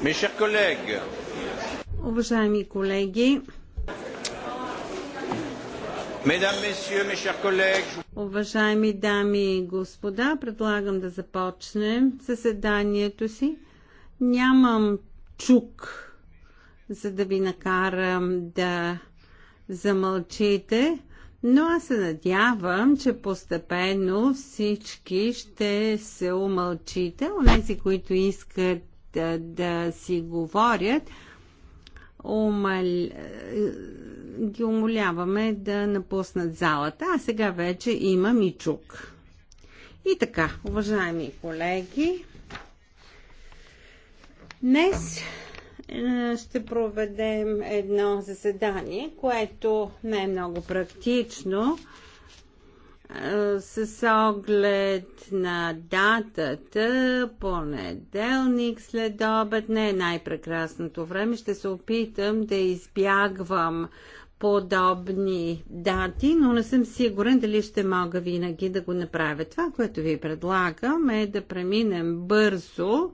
Уважаеми колеги, уважаеми дами и господа, предлагам да започнем съседанието си. Нямам чук, за да ви накарам да замълчите. Но аз се надявам, че постепенно всички ще се умълчите. Онези, които искат да, да си говорят, умал... ги умоляваме да напуснат залата. А сега вече има Мичук. И така, уважаеми колеги, днес е, ще проведем едно заседание, което не е много практично, с оглед на датата, понеделник след обед, не е най-прекрасното време, ще се опитам да избягвам подобни дати, но не съм сигурен дали ще мога винаги да го направя. Това, което ви предлагам е да преминем бързо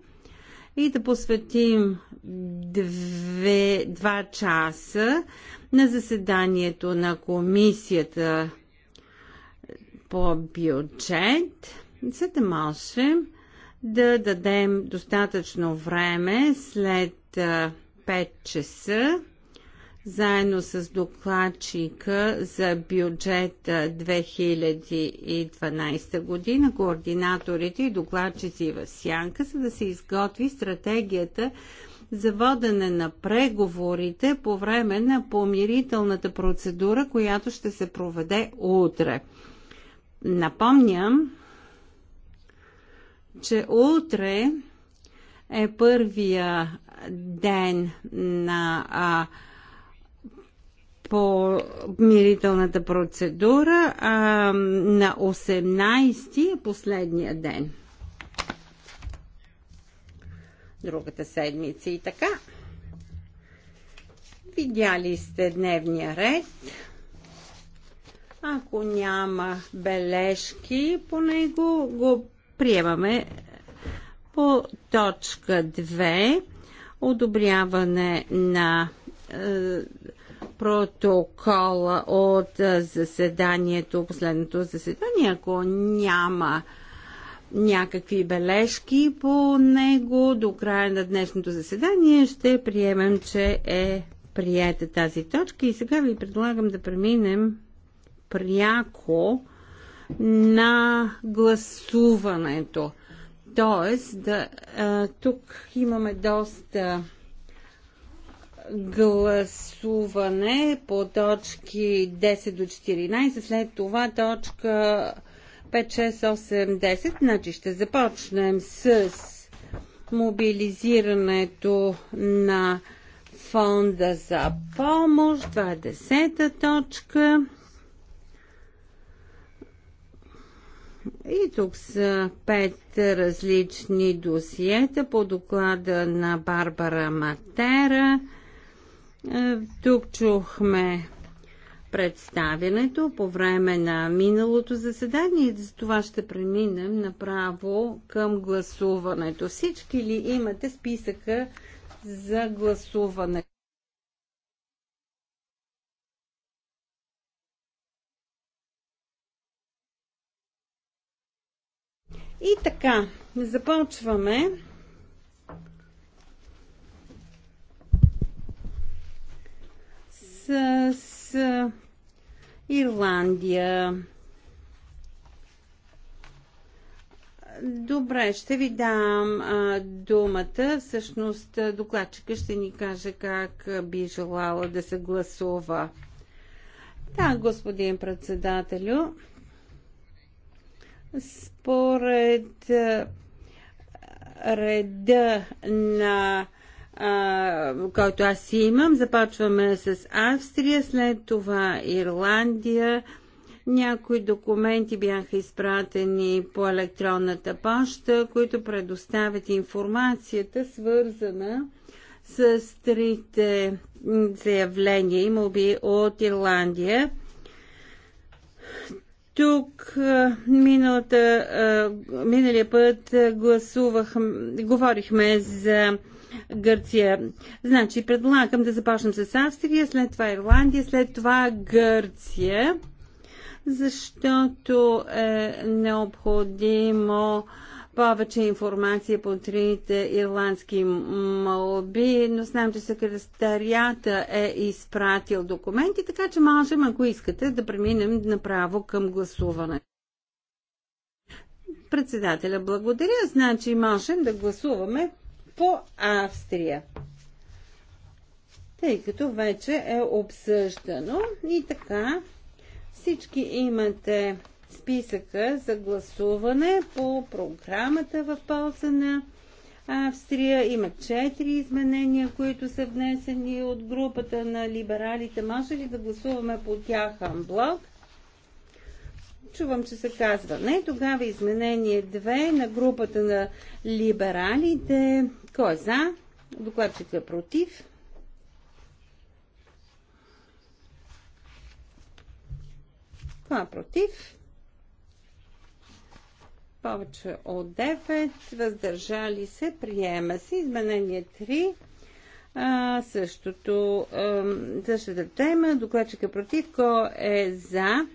и да посветим две, два часа на заседанието на комисията по бюджет, за да можем да дадем достатъчно време след 5 часа заедно с докладчика за бюджет 2012 година, координаторите и докладчици в Сянка, за да се изготви стратегията за водене на преговорите по време на помирителната процедура, която ще се проведе утре. Напомням, че утре е първия ден на а, по мирителната процедура а, на 18 е последния ден. Другата седмица и така. Видяли сте дневния ред. Ако няма бележки по него, го приемаме по точка 2 одобряване на е, протокола от е, заседанието, последното заседание, ако няма някакви бележки по него до края на днешното заседание, ще приемем, че е приета тази точка. И сега ви предлагам да преминем пряко на гласуването. Тоест, да, а, тук имаме доста гласуване по точки 10 до 14, след това точка 5, 6, 8, 10. Значи ще започнем с мобилизирането на фонда за помощ. Това е 10 точка. И тук са пет различни досиета по доклада на Барбара Матера. Е, тук чухме представянето по време на миналото заседание и за това ще преминем направо към гласуването. Всички ли имате списъка за гласуване? И така, започваме. С, с Ирландия. Добре, ще ви дам а, думата. Всъщност докладчика ще ни каже как би желала да се гласува. Да, господин председателю. Според реда на който аз имам. Започваме с Австрия, след това Ирландия. Някои документи бяха изпратени по електронната поща, които предоставят информацията, свързана с трите заявления и моби от Ирландия. Тук миналата, миналия път гласувах, говорихме за Гърция. Значи, предлагам да започнем с Австрия, след това Ирландия, след това Гърция, защото е необходимо повече информация по трите ирландски молби, но знам, че секретарията е изпратил документи, така че можем, ако искате, да преминем направо към гласуване. Председателя, благодаря. Значи можем да гласуваме по Австрия тъй като вече е обсъждано. И така, всички имате списъка за гласуване по програмата в полза на Австрия. Има четири изменения, които са внесени от групата на либералите. Може ли да гласуваме по тях блок? Чувам, че се казва не. Тогава изменение 2 на групата на либералите. Кой е за? Докладчик е против. Кой е против? повече от 9, въздържали се, приема се. Изменение 3, а, същото, а, същата тема, докладчика против, Ко е за?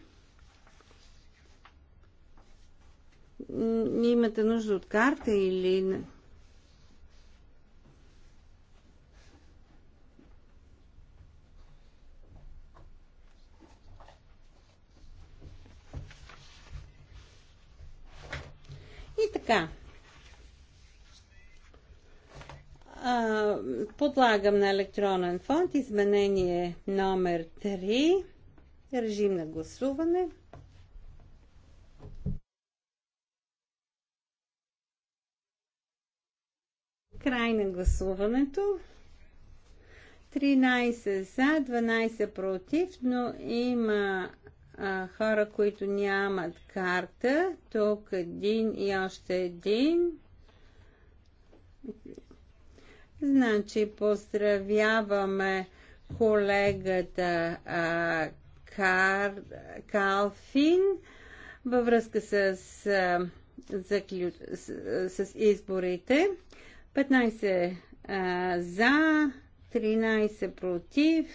Имате нужда от карта или... И така. Подлагам на електронен фонд изменение номер 3. Режим на гласуване. Край на гласуването. 13 за, 12 против, но има а, хора, които нямат карта. Тук един и още един. Значи поздравяваме колегата а, Кар, Калфин във връзка с, а, заклю... с, с изборите. 15 а, за, 13 против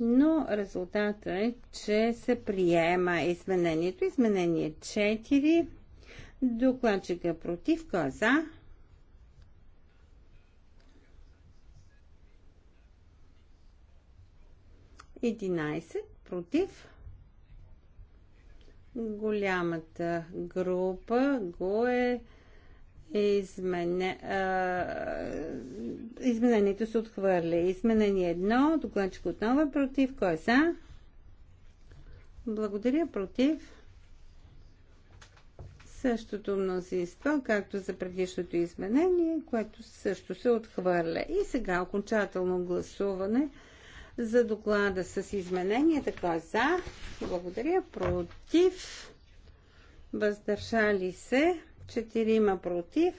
но резултата е, че се приема изменението. Изменение 4. Докладчика против, кой е за? Единайсет против. Голямата група го е Измене, а, изменението се отхвърля. Изменение едно. докладчик отново е против. Кой е за? Благодаря, против. Същото мнозинство, както за предишното изменение, което също се отхвърля. И сега окончателно гласуване за доклада с изменение. Така е за? Благодаря, против. Въздържали се четирима против.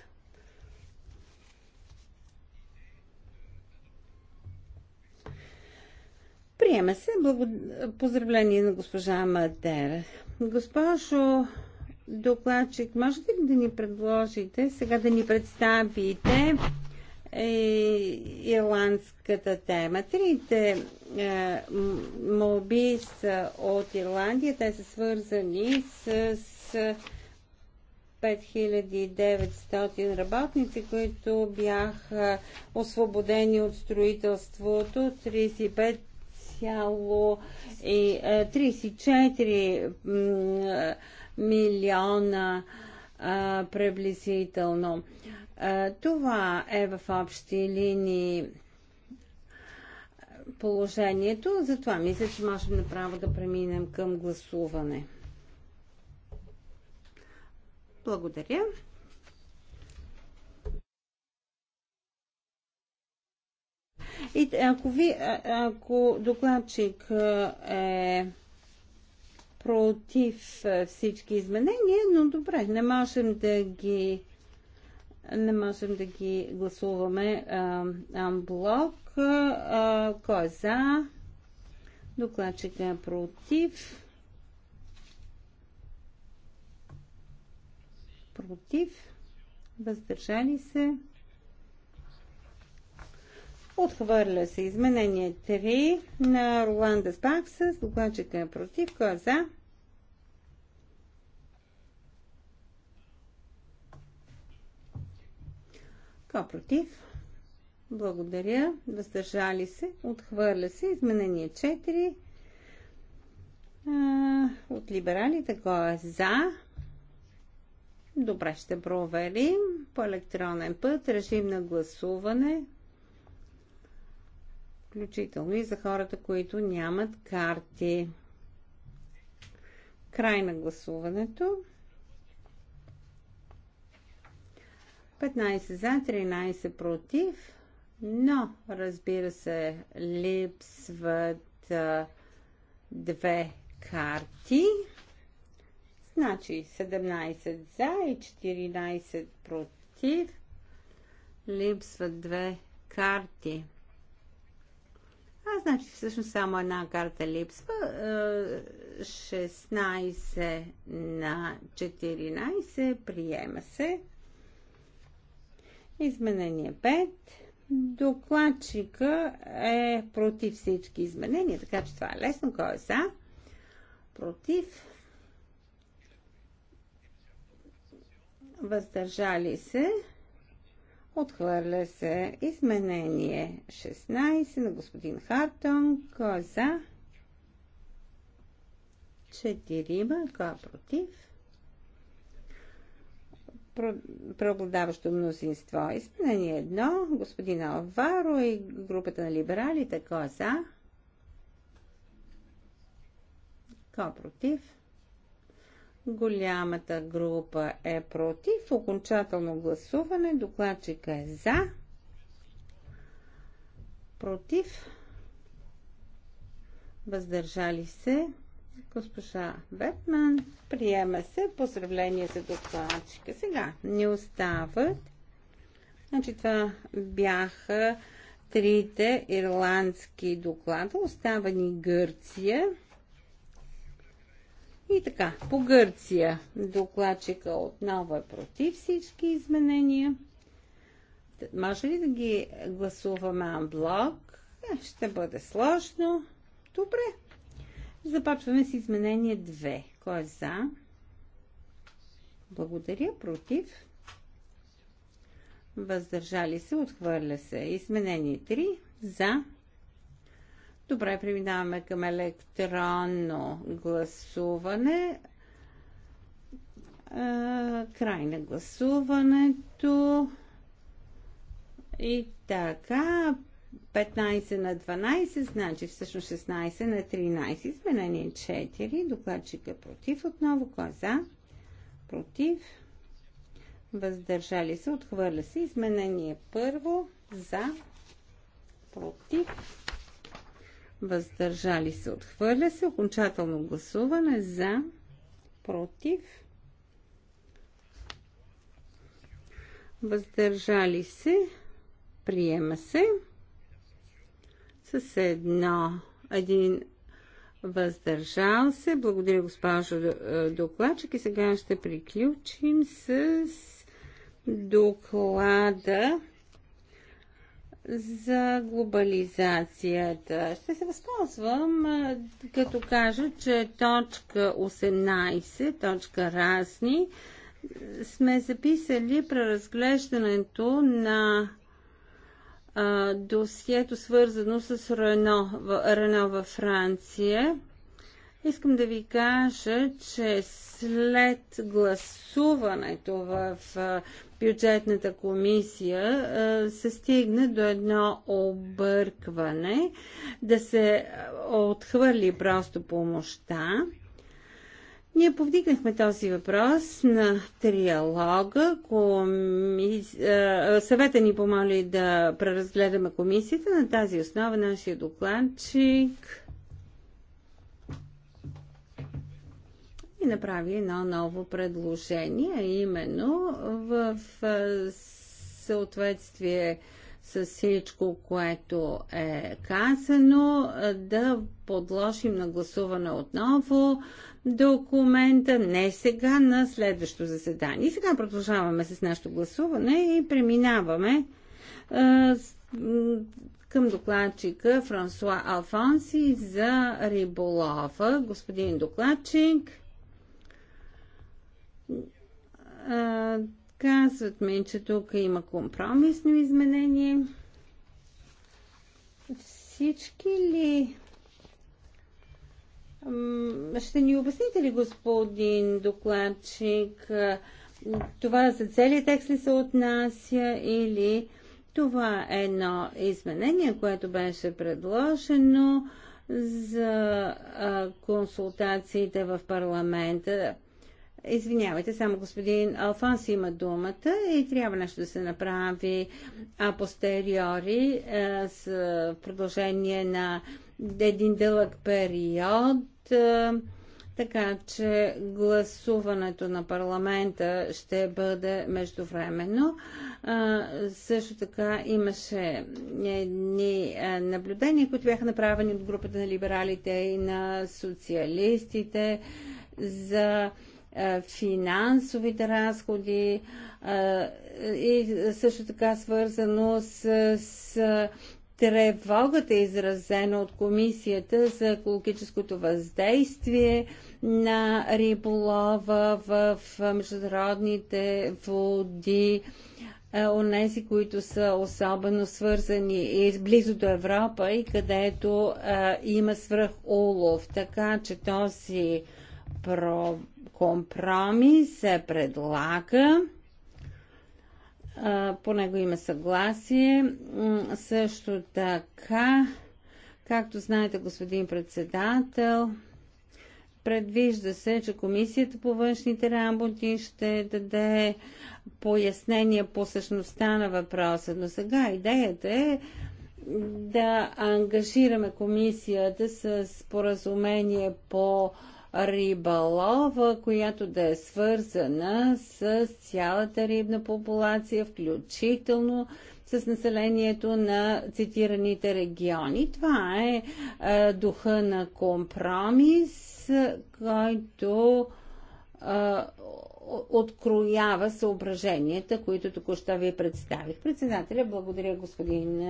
Приема се. Благод... Поздравление на госпожа Мадера. Госпожо докладчик, можете ли да ни предложите, сега да ни представите е, ирландската тема? Трите е, молби са от Ирландия. Те са свързани с, с 5900 работници, които бяха освободени от строителството, 35 34 е, е, милиона приблизително. Това е в общи линии положението, затова мисля, че можем направо да преминем към гласуване. Благодаря. И ако, ви, ако докладчик е против всички изменения, но добре, не можем да ги не можем да ги гласуваме амблок. Кой е за? Докладчика е против. против, въздържали се. Отхвърля се изменение 3 на Роланда Спак с докладчика е против. Кой е за? Кой е против? Благодаря. Въздържали се. Отхвърля се. Изменение 4. А, от либералите. Кой е за? Добре, ще проверим по електронен път режим на гласуване, включително и за хората, които нямат карти. Край на гласуването. 15 за, 13 против, но разбира се, липсват две карти. Значи 17 за и 14 против. Липсват две карти. А значи всъщност само една карта липсва. 16 е, на 14 приема се. Изменение 5. Докладчика е против всички изменения, така че това е лесно. Кой е за? Против. въздържали се, отхвърля се изменение 16 на господин Хартон, коза е за, 4, кой е против, преобладаващо мнозинство. Изменение 1, господин Алваро и групата на либералите, кой е за, Ко против, Голямата група е против. Окончателно гласуване. Докладчика е за. Против. Въздържали се. Госпожа Бетман приема се. Поздравление за докладчика. Сега не остават. Значи това бяха трите ирландски доклада. Остава ни Гърция. И така, по Гърция докладчика отново е против всички изменения. Може ли да ги гласуваме анблок? Е, ще бъде сложно. Добре. Започваме с изменение 2. Кой е за? Благодаря. Против? Въздържали се. Отхвърля се. Изменение 3. За. Добре, преминаваме към електронно гласуване. Край на гласуването. И така, 15 на 12, значи всъщност 16 на 13. Изменение 4. Докладчик е против отново. Кой е за? Против. Въздържали се. Отхвърля се. Изменение първо. За. Против въздържали се, отхвърля се, окончателно гласуване за, против, въздържали се, приема се с едно, един въздържал се. Благодаря, госпожо е, докладчик. И сега ще приключим с доклада за глобализацията. Ще се възползвам, като кажа, че точка 18, точка разни, сме записали преразглеждането на досието свързано с Рено, Рено във Франция. Искам да ви кажа, че след гласуването в бюджетната комисия се стигна до едно объркване да се отхвърли просто помощта. Ние повдигнахме този въпрос на триалога. Коми... Съвета ни помоли да преразгледаме комисията. На тази основа нашия докладчик направи едно ново предложение, именно в съответствие с всичко, което е казано, да подложим на гласуване отново документа не сега, на следващо заседание. И сега продължаваме с нашето гласуване и преминаваме към докладчика Франсуа Алфонси за риболова. Господин докладчик, казват ми, че тук има компромисно изменение. Всички ли ще ни обясните ли, господин докладчик, това за целият текст ли се отнася или това е едно изменение, което беше предложено за консултациите в парламента? Извинявайте, само господин Алфонс има думата и трябва нещо да се направи апостериори е, с продължение на един дълъг период. Е, така че гласуването на парламента ще бъде междувременно. Е, също така имаше едни наблюдения, които бяха направени от групата на либералите и на социалистите за е, финансовите разходи е, и също така свързано с, с тревогата, изразена от Комисията за екологическото въздействие на риболова в международните води, тези, е, които са особено свързани и близо до Европа и където има има улов. Така че този проблем компромис се предлага по него има съгласие. Също така, както знаете, господин председател, предвижда се, че Комисията по външните работи ще даде пояснение по същността на въпроса. Но сега идеята е да ангажираме комисията с поразумение по риболова, която да е свързана с цялата рибна популация, включително с населението на цитираните региони. Това е, е духа на компромис, който е, откроява съображенията, които току-що ви представих. Председателя, благодаря господин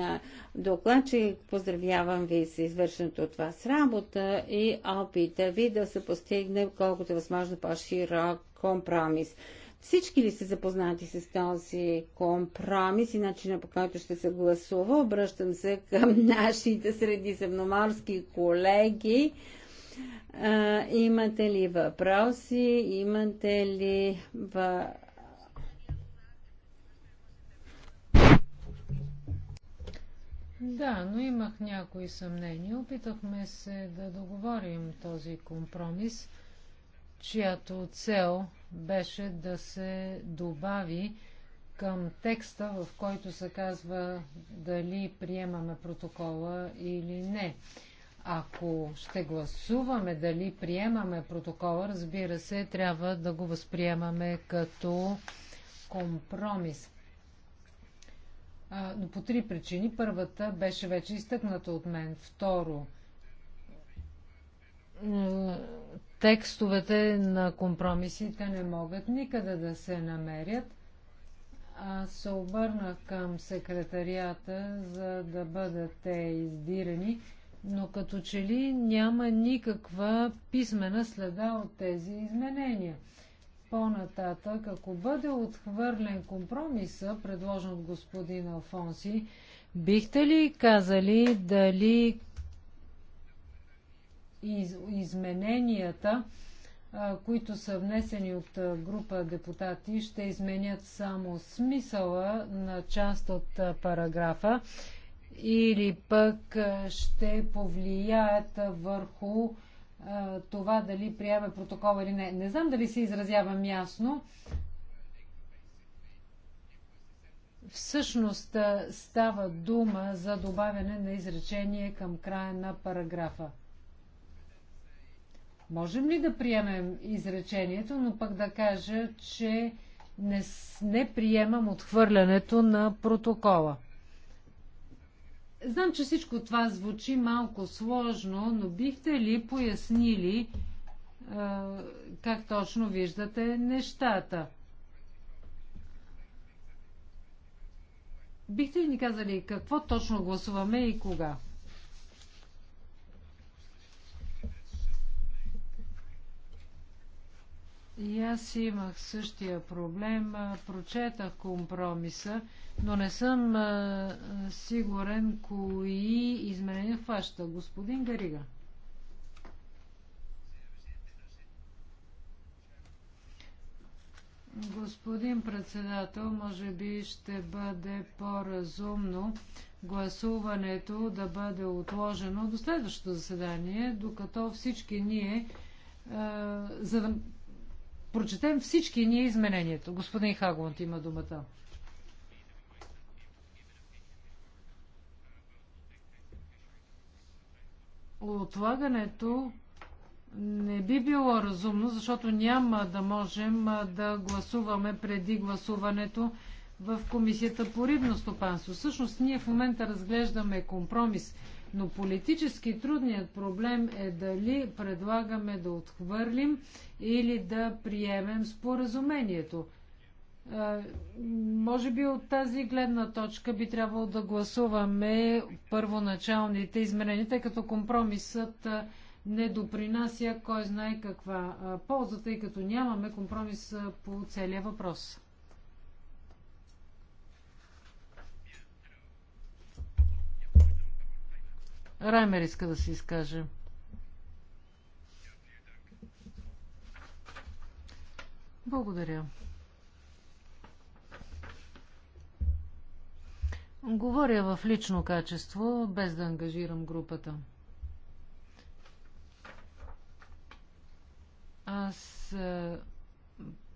докладчик, поздравявам ви с извършеното от вас работа и опита ви да се постигне колкото е възможно по-широк компромис. Всички ли са запознати с този компромис и начина по който ще се гласува? Обръщам се към нашите средиземноморски колеги. А, имате ли въпроси? Имате ли в... Да, но имах някои съмнения. Опитахме се да договорим този компромис, чиято цел беше да се добави към текста, в който се казва дали приемаме протокола или не. Ако ще гласуваме дали приемаме протокола, разбира се, трябва да го възприемаме като компромис. Но по три причини. Първата беше вече изтъкната от мен. Второ, текстовете на компромисите не могат никъде да се намерят. Аз се обърнах към секретарията, за да бъдат те издирани но като че ли няма никаква писмена следа от тези изменения. По-нататък, ако бъде отхвърлен компромиса, предложен от господин Алфонси, бихте ли казали дали из, измененията, а, които са внесени от а, група депутати, ще изменят само смисъла на част от а, параграфа или пък ще повлияят върху това дали приеме протокол или не. Не знам дали се изразявам ясно. Всъщност става дума за добавяне на изречение към края на параграфа. Можем ли да приемем изречението, но пък да кажа, че не, не приемам отхвърлянето на протокола? Знам, че всичко това звучи малко сложно, но бихте ли пояснили е, как точно виждате нещата? Бихте ли ни казали какво точно гласуваме и кога? И аз имах същия проблем. Прочетах компромиса, но не съм сигурен кои изменения хваща. Господин Гарига. Господин председател, може би ще бъде по-разумно гласуването да бъде отложено до следващото заседание, докато всички ние, за да прочетем всички ние изменението. Господин Хагланд има думата. Отлагането не би било разумно, защото няма да можем да гласуваме преди гласуването в Комисията по рибно стопанство. Всъщност ние в момента разглеждаме компромис но политически трудният проблем е дали предлагаме да отхвърлим или да приемем споразумението. Е, може би от тази гледна точка би трябвало да гласуваме първоначалните измерения, тъй като компромисът е, не допринася кой знае каква е, полза, тъй като нямаме компромис по целия въпрос. Раймер иска да се изкаже. Благодаря. Говоря в лично качество, без да ангажирам групата. Аз е,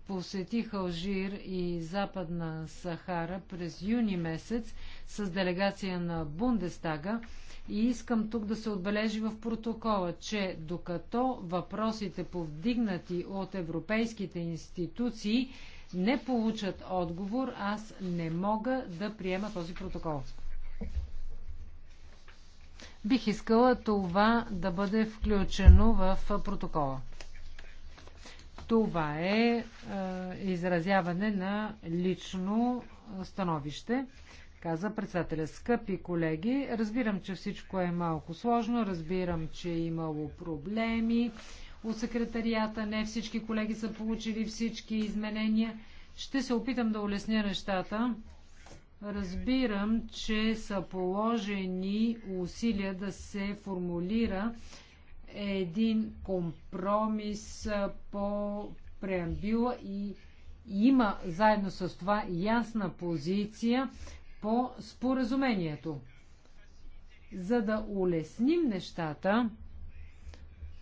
посетих Алжир и Западна Сахара през юни месец с делегация на Бундестага и искам тук да се отбележи в протокола, че докато въпросите повдигнати от европейските институции не получат отговор, аз не мога да приема този протокол. Бих искала това да бъде включено в протокола. Това е, е изразяване на лично становище каза председателя. Скъпи колеги, разбирам, че всичко е малко сложно, разбирам, че е имало проблеми от секретарията, не всички колеги са получили всички изменения. Ще се опитам да улесня нещата. Разбирам, че са положени усилия да се формулира един компромис по преамбюла и има заедно с това ясна позиция по споразумението. За да улесним нещата,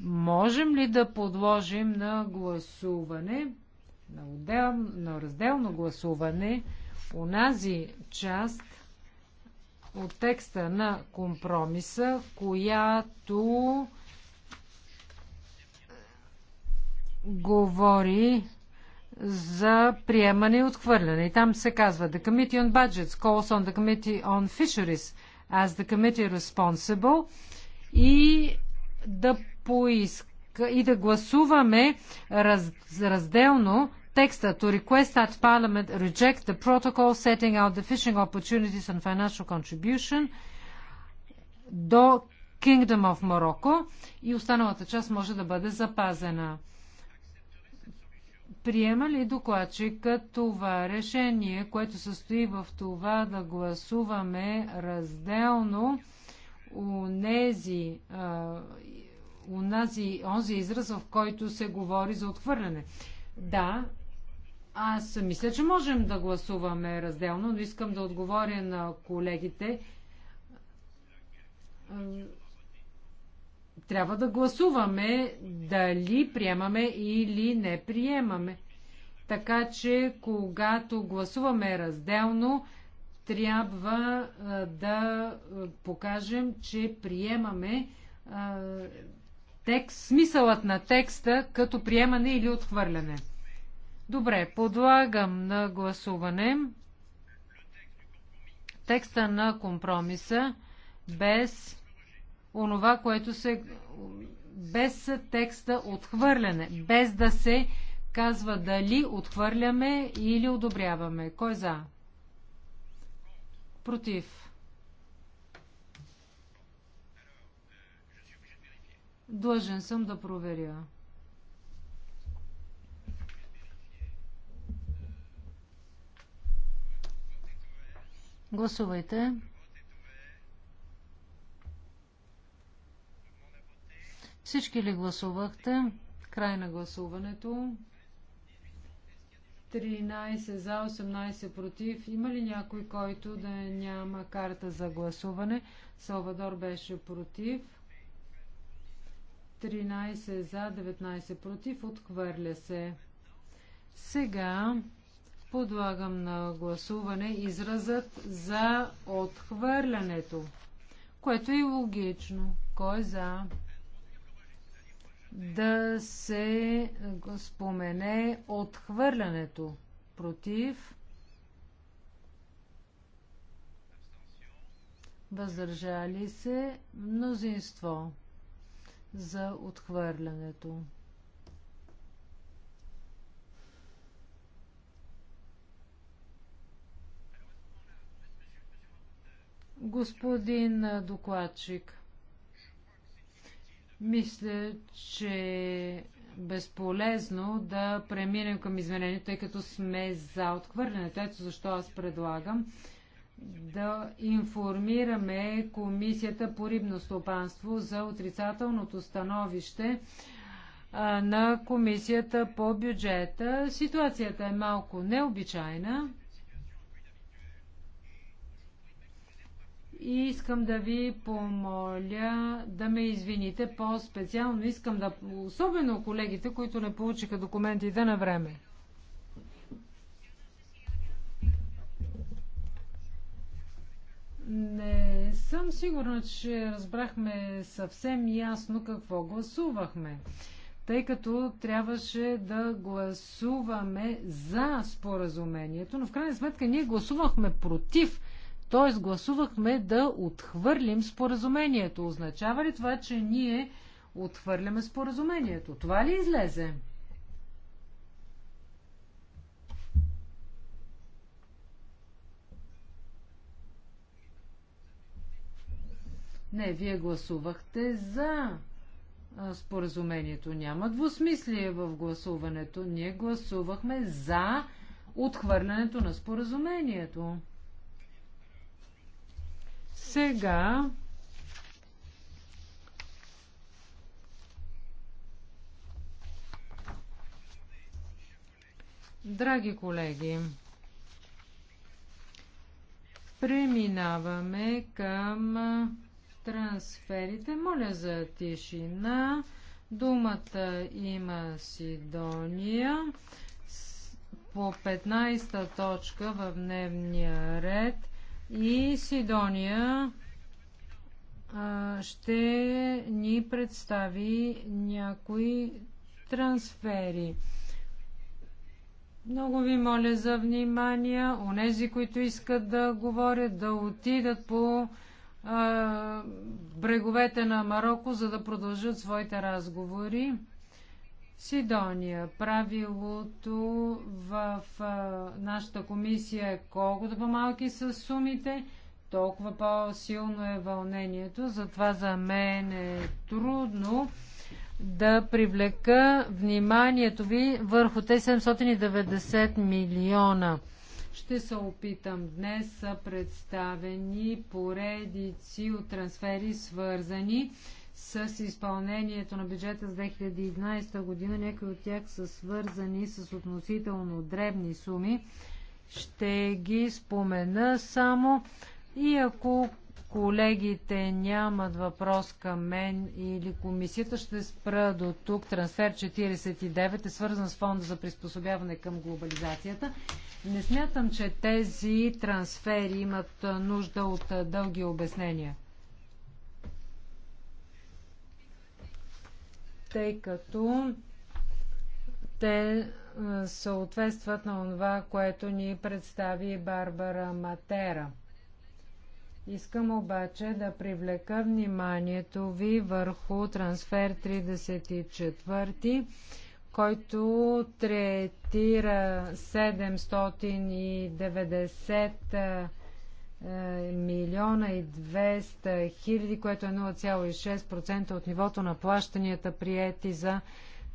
можем ли да подложим на гласуване, на, отдел, на разделно гласуване, онази част от текста на компромиса, която говори за приемане и отхвърляне. И там се казва The Committee on Budgets calls on the Committee on Fisheries as the committee responsible и да поиска и да гласуваме раз, разделно текста to request that parliament reject the protocol setting out the fishing opportunities and financial contribution до Kingdom of Morocco и останалата част може да бъде запазена. Приема ли докладчика това решение, което състои в това да гласуваме разделно нези, у нази, онзи израз, в който се говори за отхвърляне? Да, аз мисля, че можем да гласуваме разделно, но искам да отговоря на колегите трябва да гласуваме дали приемаме или не приемаме. Така че, когато гласуваме разделно, трябва да покажем, че приемаме текст, смисълът на текста като приемане или отхвърляне. Добре, подлагам на гласуване текста на компромиса без онова, което се без текста отхвърляне, без да се казва дали отхвърляме или одобряваме. Кой за? Против. Длъжен съм да проверя. Гласувайте. Всички ли гласувахте? Край на гласуването. 13 за, 18 против. Има ли някой, който да няма карта за гласуване? Салвадор беше против. 13 за, 19 против. Отхвърля се. Сега подлагам на гласуване изразът за отхвърлянето, което е логично. Кой е за? да се спомене отхвърлянето против въздържали се мнозинство за отхвърлянето. Господин докладчик, мисля, че е безполезно да преминем към изменението, тъй като сме за отхвърлянето. Ето защо аз предлагам да информираме Комисията по рибно стопанство за отрицателното становище на Комисията по бюджета. Ситуацията е малко необичайна. и искам да ви помоля да ме извините по-специално. Искам да, особено колегите, които не получиха документите на време. Не съм сигурна, че разбрахме съвсем ясно какво гласувахме, тъй като трябваше да гласуваме за споразумението, но в крайна сметка ние гласувахме против т.е гласувахме да отхвърлим споразумението. Означава ли това, че ние отхвърляме споразумението? Това ли излезе? Не, вие гласувахте за споразумението. Няма двусмислие в гласуването. Ние гласувахме за отхвърлянето на споразумението. Сега Драги колеги, преминаваме към трансферите. Моля за тишина. Думата има Сидония по 15-та точка в дневния ред – и Сидония ще ни представи някои трансфери. Много ви моля за внимание. Онези, които искат да говорят, да отидат по а, бреговете на Марокко, за да продължат своите разговори. Сидония. Правилото в нашата комисия е колкото по-малки са сумите, толкова по-силно е вълнението. Затова за мен е трудно да привлека вниманието ви върху те 790 милиона. Ще се опитам. Днес са представени поредици от трансфери, свързани с с изпълнението на бюджета с 2011 година, някои от тях са свързани с относително дребни суми. Ще ги спомена само и ако колегите нямат въпрос към мен или комисията, ще спра до тук. Трансфер 49 е свързан с фонда за приспособяване към глобализацията. Не смятам, че тези трансфери имат нужда от дълги обяснения. тъй като те е, съответстват на това, което ни представи Барбара Матера. Искам обаче да привлека вниманието ви върху трансфер 34, който третира 790 милиона и 200 хиляди, което е 0,6% от нивото на плащанията приети за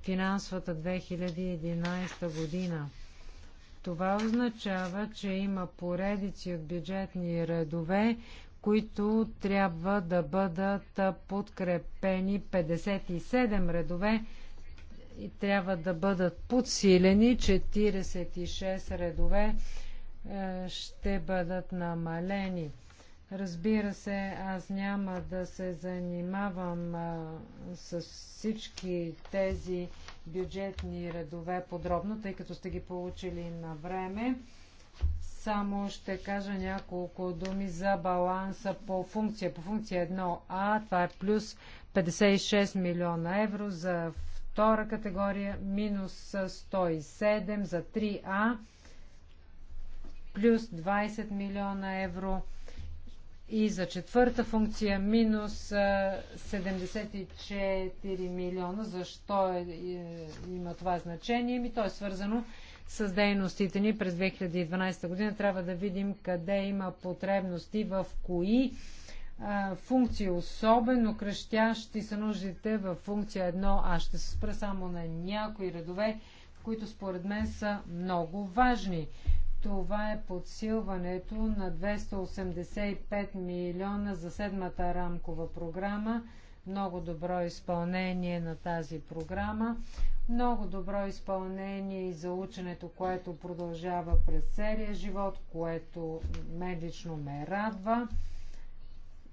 финансовата 2011 година. Това означава, че има поредици от бюджетни редове, които трябва да бъдат подкрепени 57 редове и трябва да бъдат подсилени 46 редове е, ще бъдат намалени. Разбира се, аз няма да се занимавам а, е, с всички тези бюджетни редове подробно, тъй като сте ги получили на време. Само ще кажа няколко думи за баланса по функция. По функция 1А това е плюс 56 милиона евро за втора категория, минус 107 за 3А плюс 20 милиона евро и за четвърта функция минус 74 милиона. Защо е, е, има това значение? Ми то е свързано с дейностите ни през 2012 година. Трябва да видим къде има потребности, в кои е, функции, особено кръщящи са нуждите в функция 1. Аз ще се спра само на някои редове, които според мен са много важни. Това е подсилването на 285 милиона за седмата рамкова програма. Много добро изпълнение на тази програма. Много добро изпълнение и за ученето, което продължава през целия живот, което мен лично ме радва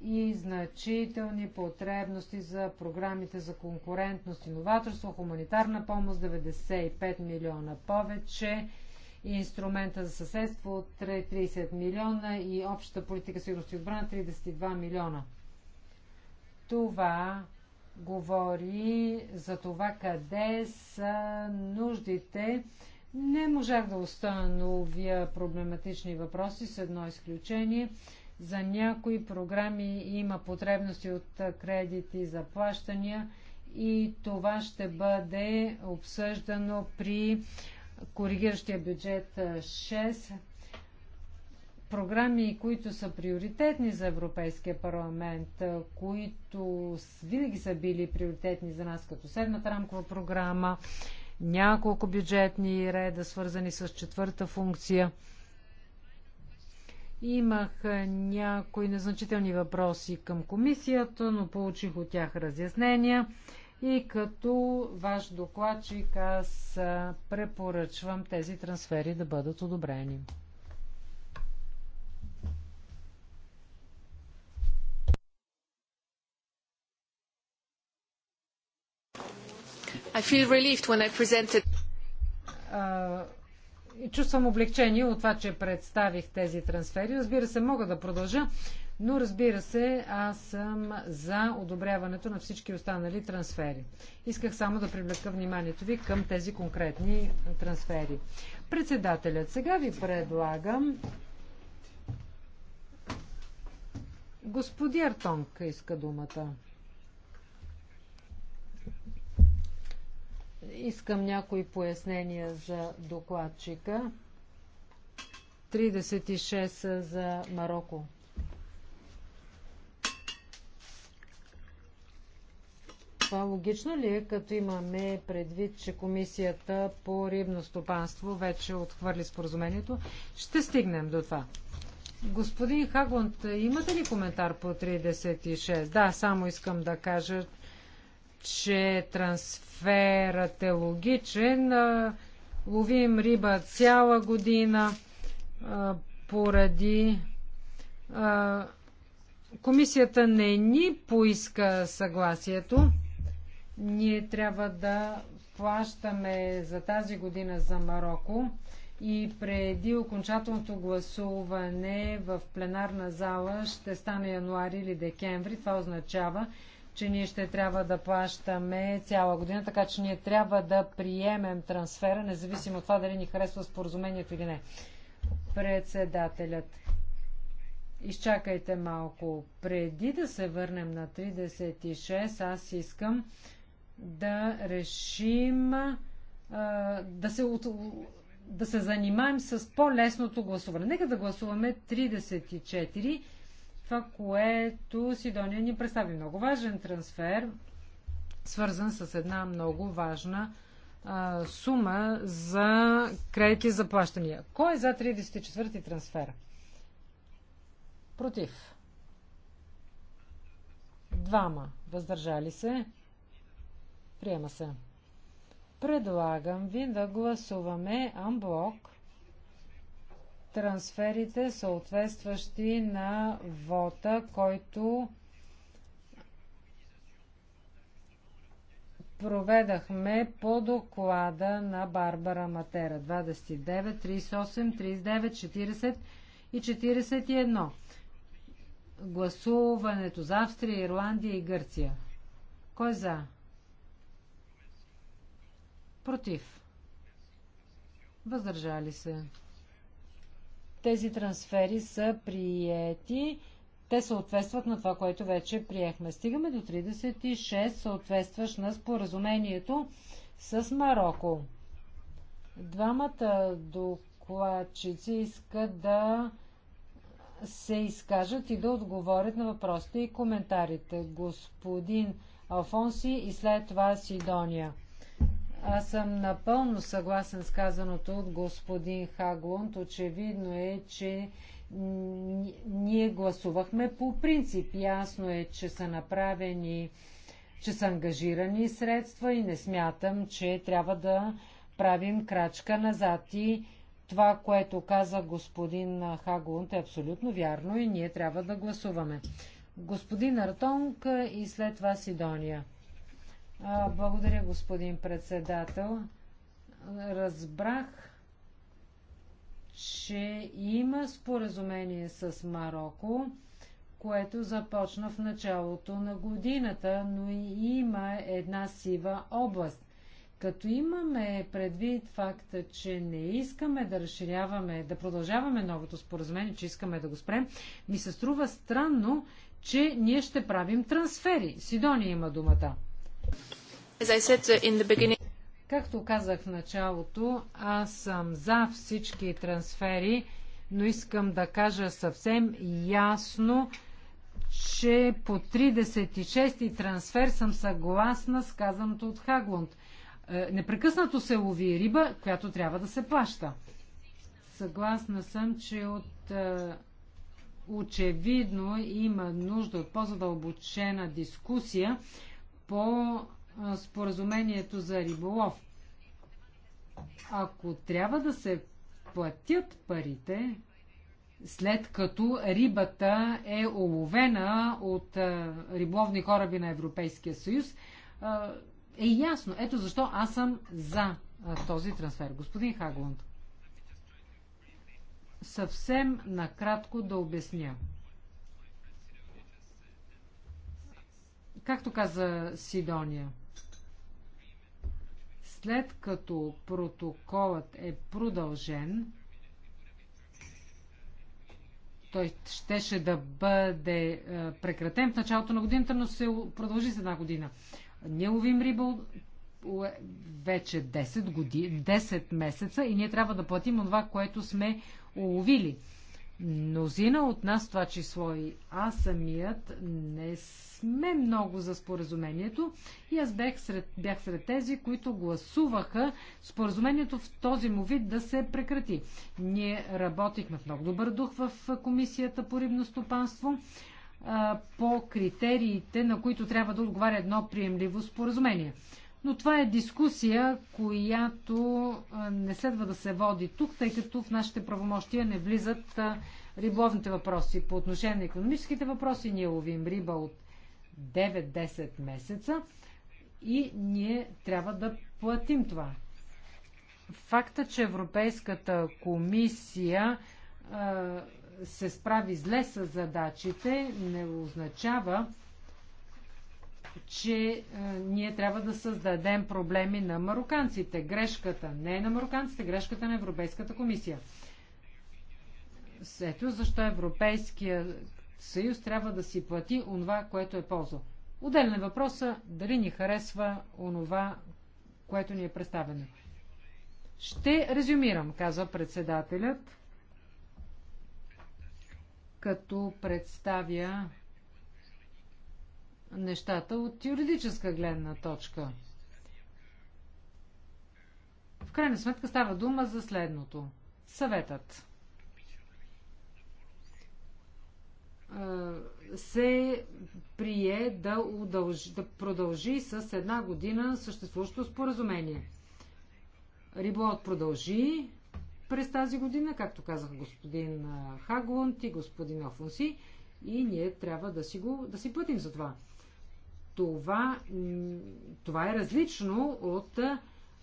и значителни потребности за програмите за конкурентност, и новаторство. хуманитарна помощ 95 милиона повече инструмента за съседство 30 милиона и общата политика сигурност и отбрана 32 милиона. Това говори за това къде са нуждите. Не можах да установя проблематични въпроси с едно изключение. За някои програми има потребности от кредити за плащания и това ще бъде обсъждано при коригиращия бюджет 6 програми, които са приоритетни за Европейския парламент, които винаги са били приоритетни за нас, като седмата рамкова програма, няколко бюджетни реда, свързани с четвърта функция. Имах някои незначителни въпроси към комисията, но получих от тях разяснения. И като ваш докладчик аз препоръчвам тези трансфери да бъдат одобрени. I feel relieved when I presented. Uh, чувствам облегчение от това, че представих тези трансфери. Разбира се, мога да продължа но разбира се, аз съм за одобряването на всички останали трансфери. Исках само да привлека вниманието ви към тези конкретни трансфери. Председателят, сега ви предлагам Господи Артонг иска думата. Искам някои пояснения за докладчика. 36 за Марокко. Това логично ли е, като имаме предвид, че комисията по рибно стопанство вече отхвърли споразумението? Ще стигнем до това. Господин Хагланд, имате ли коментар по 36? Да, само искам да кажа, че трансферът е логичен. Ловим риба цяла година поради комисията не ни поиска съгласието. Ние трябва да плащаме за тази година за Марокко и преди окончателното гласуване в пленарна зала ще стане януари или декември. Това означава, че ние ще трябва да плащаме цяла година, така че ние трябва да приемем трансфера, независимо от това дали ни харесва споразумението или не. Председателят. Изчакайте малко. Преди да се върнем на 36, аз искам да решим да се, да се занимаем с по-лесното гласуване. Нека да гласуваме 34, това, което Сидония ни представи. Много важен трансфер, свързан с една много важна а, сума за кредити за плащания. Кой е за 34-ти трансфер? Против. Двама. Въздържали се. Приема се. Предлагам ви да гласуваме амблок трансферите, съответстващи на вота, който проведахме по доклада на Барбара Матера 29, 38, 39, 40 и 41. Гласуването за Австрия, Ирландия и Гърция. Кой е за? Против. Въздържали се. Тези трансфери са приети. Те съответстват на това, което вече приехме. Стигаме до 36, съответстващ на споразумението с Марокко. Двамата докладчици искат да се изкажат и да отговорят на въпросите и коментарите. Господин Алфонси и след това Сидония. Аз съм напълно съгласен с казаното от господин Хаглунд. Очевидно е, че ние гласувахме по принцип. Ясно е, че са направени, че са ангажирани средства и не смятам, че трябва да правим крачка назад. И това, което каза господин Хаглунд е абсолютно вярно и ние трябва да гласуваме. Господин Артонг и след това Сидония. Благодаря, господин председател. Разбрах, че има споразумение с Марокко, което започна в началото на годината, но и има една сива област. Като имаме предвид факта, че не искаме да разширяваме, да продължаваме новото споразумение, че искаме да го спрем, ми се струва странно, че ние ще правим трансфери. Сидония има думата. Uh, Както казах в началото, аз съм за всички трансфери, но искам да кажа съвсем ясно, че по 36-ти трансфер съм съгласна с казаното от Хаглунд. Е, непрекъснато се лови риба, която трябва да се плаща. Съгласна съм, че от е, очевидно има нужда от по-задълбочена дискусия по споразумението за риболов. Ако трябва да се платят парите, след като рибата е уловена от риболовни кораби на Европейския съюз, е ясно. Ето защо аз съм за този трансфер. Господин Хагланд, съвсем накратко да обясня. Както каза Сидония, след като протоколът е продължен, той щеше да бъде е, прекратен в началото на годината, но се продължи с една година. Ние ловим риба вече 10, години, 10 месеца и ние трябва да платим това, което сме уловили. Мнозина от нас, това число и аз самият, не сме много за споразумението и аз бях сред, бях сред тези, които гласуваха споразумението в този му вид да се прекрати. Ние работихме в много добър дух в Комисията по рибно стопанство по критериите, на които трябва да отговаря едно приемливо споразумение. Но това е дискусия, която не следва да се води тук, тъй като в нашите правомощия не влизат рибовните въпроси. По отношение на економическите въпроси, ние ловим риба от 9-10 месеца и ние трябва да платим това. Факта, че Европейската комисия се справи зле с задачите, не означава, че а, е, ние трябва да създадем проблеми на мароканците. Грешката не е на мароканците, грешката е на Европейската комисия. Ето защо Европейския съюз трябва да си плати онова, което е ползвал. Отделен е въпроса дали ни харесва онова, което ни е представено. Ще резюмирам, казва председателят, като представя нещата от юридическа гледна точка. В крайна сметка става дума за следното. Съветът се прие да, удължи, да продължи с една година съществуващо споразумение. Риболът продължи през тази година, както казах господин Хаглунд и господин Офонси, и ние трябва да си, го, да си платим за това това, това е различно от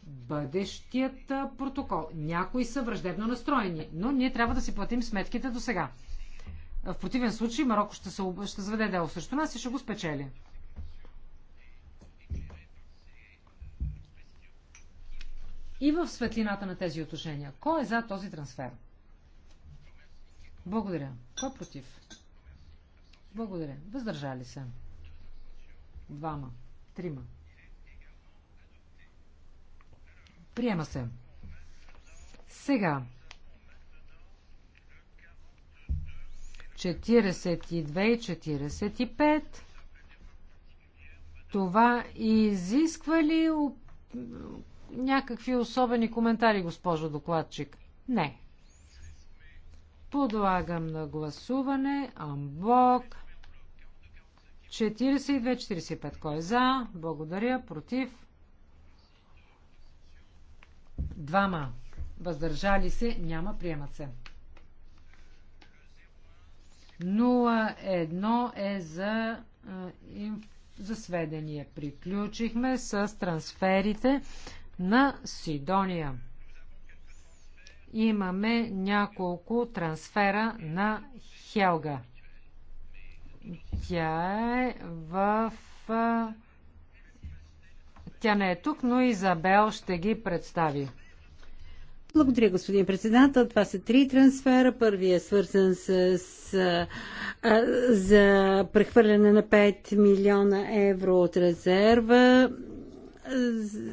бъдещият протокол. Някои са враждебно настроени, но ние трябва да си платим сметките до сега. В противен случай Марокко ще, се, ще заведе дело срещу нас и ще го спечели. И в светлината на тези отношения. Кой е за този трансфер? Благодаря. Кой е против? Благодаря. Въздържали се. Двама. Трима. Приема се. Сега. 42 и 45. Това изисква ли някакви особени коментари, госпожо докладчик? Не. Подлагам на гласуване Амбок 42-45. Кой е за? Благодаря. Против? Двама. Въздържали се? Няма. Приемат се. 0-1 е за, за сведение. Приключихме с трансферите на Сидония. Имаме няколко трансфера на Хелга. Тя е в... Тя не е тук, но Изабел ще ги представи. Благодаря, господин председател. Това са три трансфера. Първият е свързан с, с а, за прехвърляне на 5 милиона евро от резерва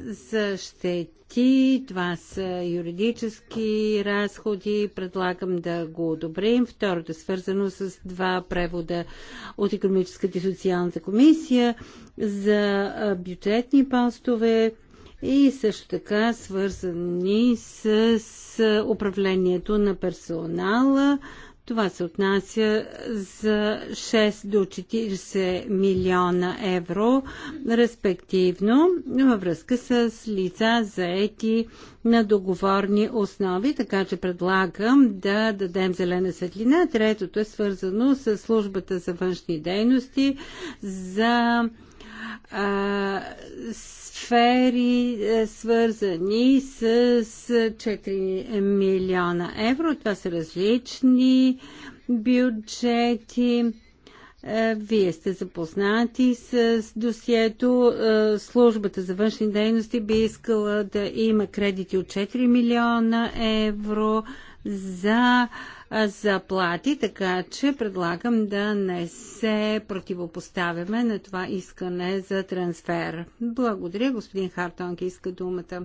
за щети проекти. Това са юридически разходи. Предлагам да го одобрим. Второто е свързано с два превода от економическата и социалната комисия за бюджетни постове и също така свързани с управлението на персонала. Това се отнася за 6 до 40 милиона евро, респективно, във връзка с лица заети на договорни основи, така че предлагам да дадем зелена светлина. Третото е свързано с службата за външни дейности за а, сфери, е, свързани с 4 милиона евро. Това са различни бюджети. Е, вие сте запознати с досието. Е, службата за външни дейности би искала да има кредити от 4 милиона евро за заплати, така че предлагам да не се противопоставяме на това искане за трансфер. Благодаря, господин Хартонки иска думата.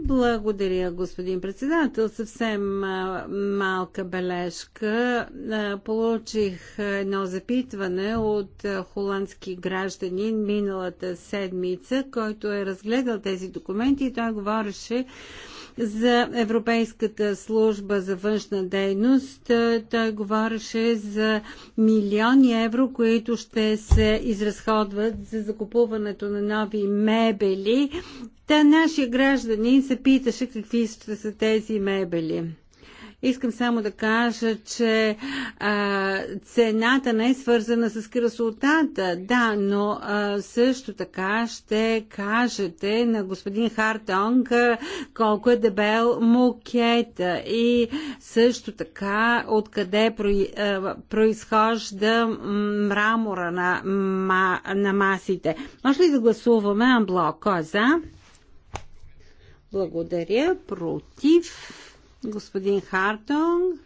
Благодаря, господин председател. Съвсем малка бележка. Получих едно запитване от холандски гражданин миналата седмица, който е разгледал тези документи и той говореше за Европейската служба за външна дейност. Е, той говореше за милиони евро, които ще се изразходват за закупуването на нови мебели. Та нашия гражданин се питаше какви ще са тези мебели. Искам само да кажа, че а, цената не е свързана с красотата. Да, но а, също така ще кажете на господин Хартонг колко е дебел мукета и също така откъде произхожда мрамора на, на масите. Може ли да гласуваме анблок? Е за? Благодаря. Против господин Хартонг,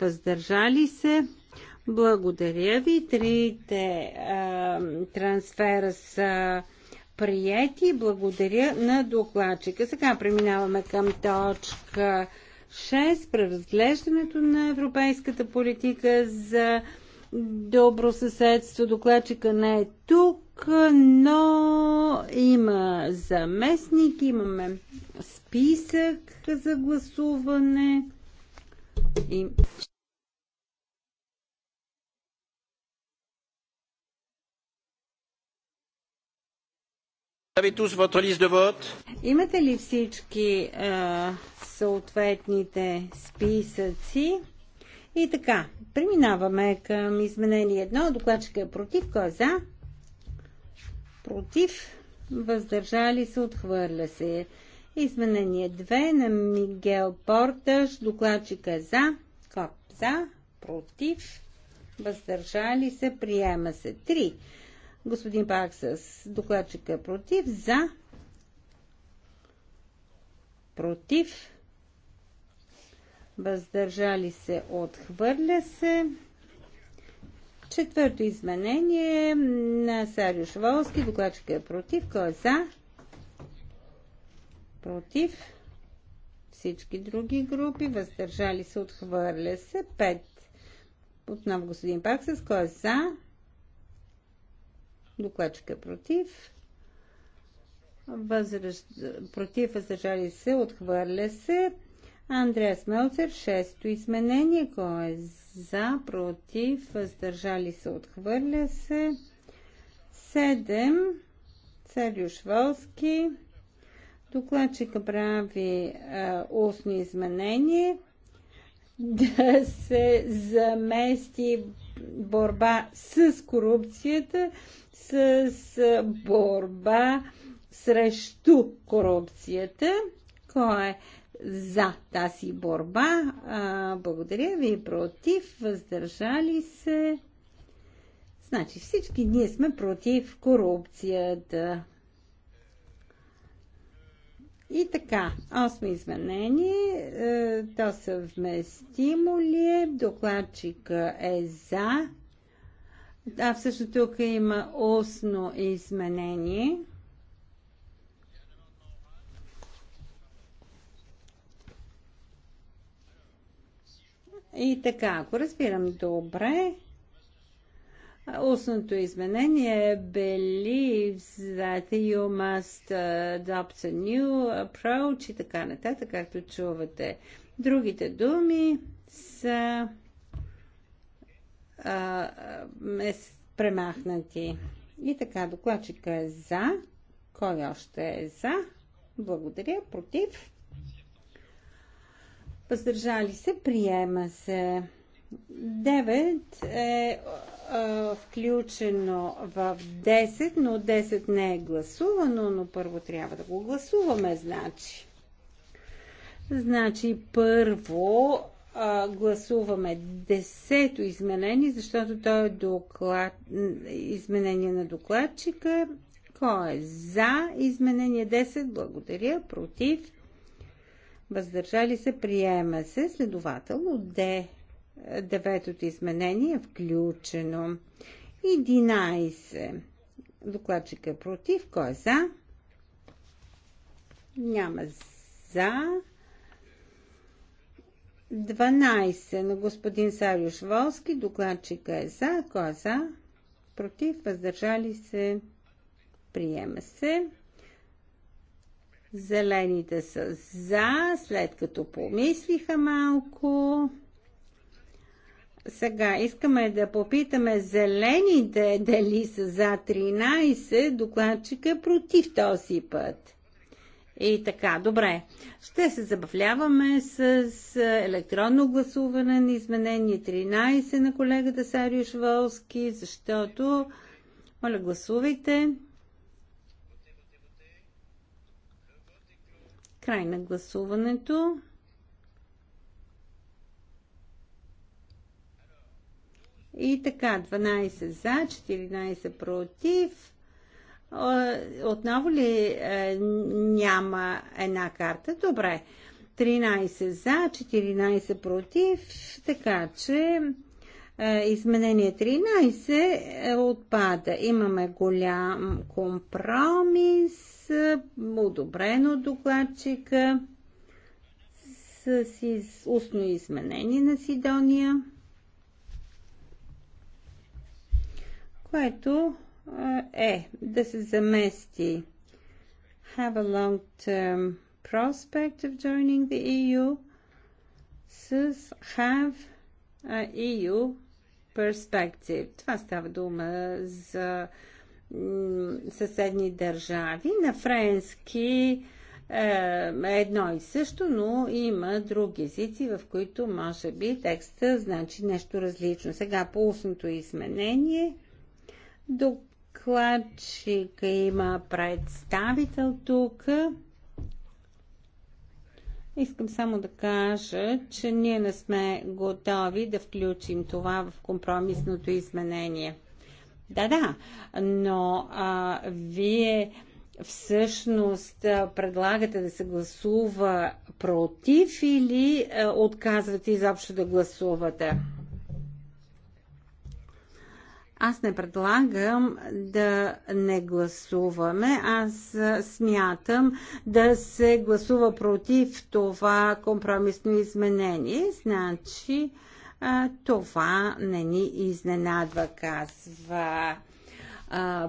въздържали се. Благодаря ви. Трите а, трансфера са прияти. Благодаря на докладчика. Сега преминаваме към точка 6. Преразглеждането на европейската политика за добро съседство. Докладчика не е тук, но има заместник. Имаме списък за гласуване. И... Имате ли всички а, съответните списъци? И така, преминаваме към изменение едно. Докладчика е против. Кой е за? Против. Въздържали се. Отхвърля се. Изменение 2 на Мигел Порташ, докладчика е за, коп за, против, въздържали се, приема се 3. Господин Паксас, докладчика е против, за, против, въздържали се, отхвърля се. Четвърто изменение на Сариуш Волски, докладчика е против, кой е за, против, всички други групи, въздържали се, отхвърля се, 5. Отново господин пак с кой е за, докладчика е против, Възръж... против, въздържали се, отхвърля се, Андреас Мелцер, 6 изменение, кой е за, против, въздържали се, отхвърля се, 7. Сериуш Волски, Докладчика прави а, устни изменение да се замести борба с корупцията с борба срещу корупцията. Кой е за тази борба? А, благодаря ви. Против, въздържали се. Значи всички ние сме против корупцията. И така, осмо изменение, е, то съвместимо ли е, докладчика е за. А всъщност тук има осно изменение. И така, ако разбирам добре, Устното изменение believes that you must uh, adopt a new approach и така нататък, както чувате. Другите думи са а, е премахнати. И така, докладчика е за. Кой още е за? Благодаря. Против? Въздържали се, приема се. Девет е а, включено в 10, но 10 не е гласувано, но първо трябва да го гласуваме, значи. Значи първо а, гласуваме 10-то изменение, защото то е доклад, изменение на докладчика. Кой е за изменение 10? Благодаря. Против? Въздържали се? Приема се. Следователно, Д Деветото изменение е включено. 11. Докладчик е против. Кой е за? Няма за. 12 на господин Сариуш Волски. Докладчика е за. Кой е за? Против. Въздържали се. Приема се. Зелените са за, след като помислиха малко. Сега искаме да попитаме зелените дали са за 13, докладчика е против този път. И така, добре. Ще се забавляваме с електронно гласуване на изменение 13 на колегата Сариуш Волски, защото, моля, гласувайте. Край на гласуването. И така, 12 за, 14 против. Отново ли е, няма една карта? Добре. 13 за, 14 против, така че е, изменение 13 е, отпада. Имаме голям компромис, одобрен от докладчика с устно изменение на Сидония. което е да се замести have a long-term prospect of joining the EU с have a EU perspective. Това става дума за съседни държави. На френски е, е едно и също, но има други езици, в които може би текста значи нещо различно. Сега по устното изменение – Докладчика има представител тук. Искам само да кажа, че ние не сме готови да включим това в компромисното изменение. Да, да, но а, вие всъщност предлагате да се гласува против или а, отказвате изобщо да гласувате? Аз не предлагам да не гласуваме. Аз смятам да се гласува против това компромисно изменение. Значи, това не ни изненадва, казва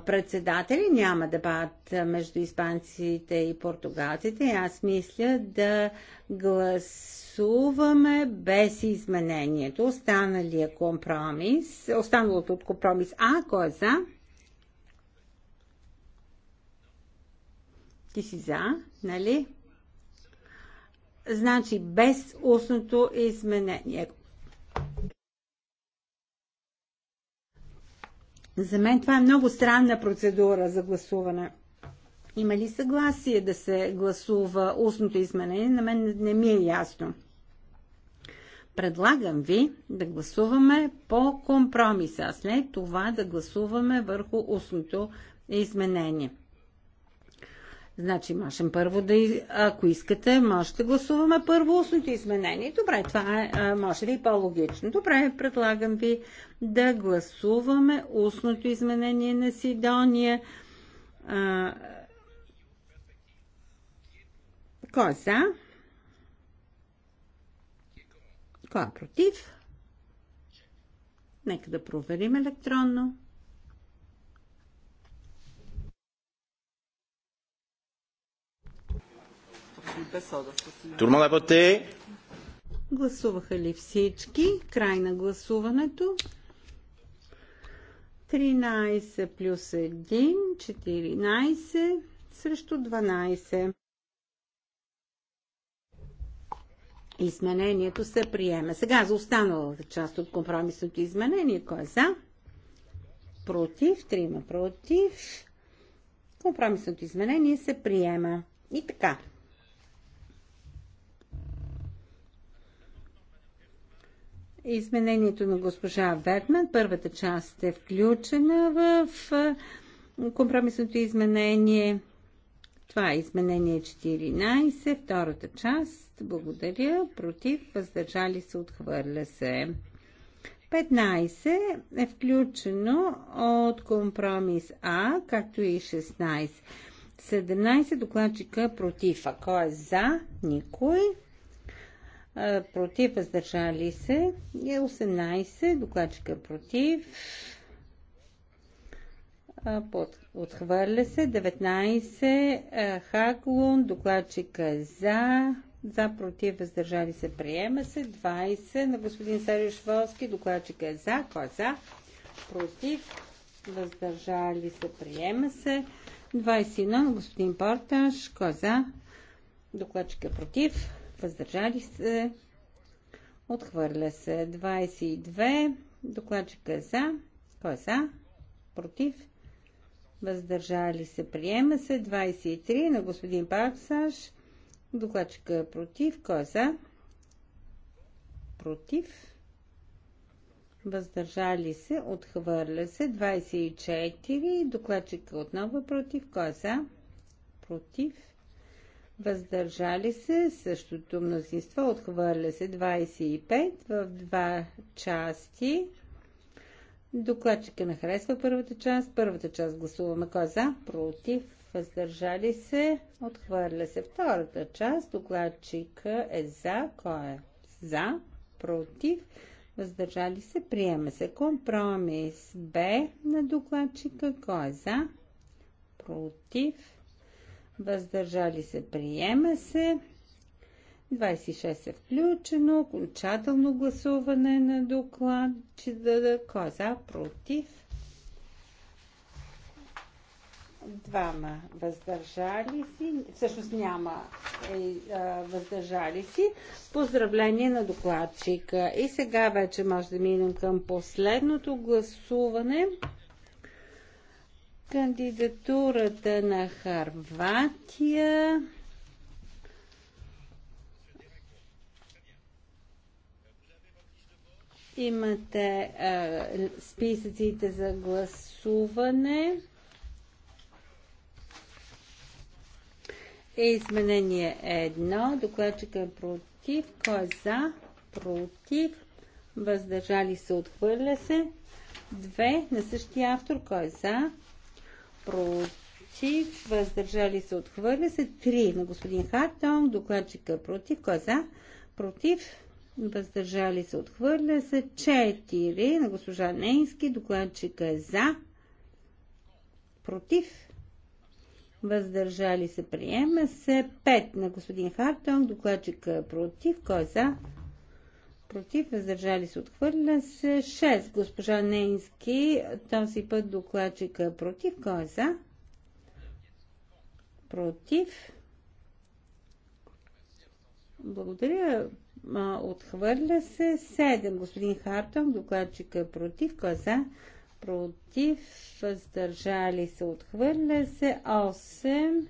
председатели. Няма дебат между испанците и португалците. Аз мисля да гласуваме без изменението. Останалия компромис, останалото от компромис А, кой е за? Ти си за, нали? Значи без устното изменение. За мен това е много странна процедура за гласуване. Има ли съгласие да се гласува устното изменение? На мен не ми е ясно. Предлагам ви да гласуваме по компромиса, а след това да гласуваме върху устното изменение. Значи можем първо да, ако искате, може да гласуваме първо устното изменение. Добре, това е, може ли по-логично. Добре, предлагам ви да гласуваме устното изменение на Сидония. кой е за? Кой е против? Нека да проверим електронно. Турмон да Гласуваха ли всички? Край на гласуването. 13 плюс 1, 14 срещу 12. Изменението се приема. Сега за останалата част от компромисното изменение. Кой е за? Против. Трима против. Компромисното изменение се приема. И така. изменението на госпожа Бертман. Първата част е включена в компромисното изменение. Това е изменение 14, втората част. Благодаря. Против, въздържали се, отхвърля се. 15 е включено от компромис А, както и 16. 17 докладчика против. А кой е за? Никой против, въздържали се. И е, 18, докладчика е против. Под, отхвърля се. 19, Хаклун, докладчика е за. За, против, въздържали се, приема се. 20 на господин Сариш Волски, докладчика е за. Кой е за? Против, въздържали се, приема се. 21 на господин Порташ, кой за? Докладчика против въздържали се, отхвърля се 22, докладчика е за, кой е за, против, въздържали се, приема се 23 на господин Баксаш, докладчика е против, кой е за, против, въздържали се, отхвърля се 24, докладчика е отново е против, кой е за, против, въздържали се, същото мнозинство отхвърля се 25 в два части. Докладчика не харесва първата част. Първата част гласуваме кой е за, против, въздържали се, отхвърля се. Втората част докладчика е за, кой е за, против, въздържали се, приема се. Компромис Б на докладчика, кой е за, против, въздържали се, приема се. 26 е включено, окончателно гласуване на доклад, че да кой е против. Двама въздържали си, всъщност няма е, е, въздържали си. Поздравление на докладчика. И сега вече може да минем към последното гласуване. Кандидатурата на Харватия Имате а, списъците за гласуване. Изменение едно, Докладчика е против. Кой е за? Против. Въздържали се. Отхвърля се. Две, На същия автор. Кой е за? против, въздържали се, отхвърля се. 3 на господин Хартонг, докладчика е против, кой е за, против, въздържали се, отхвърля се. Четири на госпожа Нейнски, докладчика е за, против, въздържали се, приема се. 5 на господин Хартонг, докладчика е против, кой е за, против, въздържали се, отхвърля се 6. Госпожа Нейнски, този път докладчика е против. Кой е за? Против. Благодаря. Отхвърля се 7. Господин Хартон, докладчика е против. Кой е за? Против. Въздържали се, отхвърля се 8.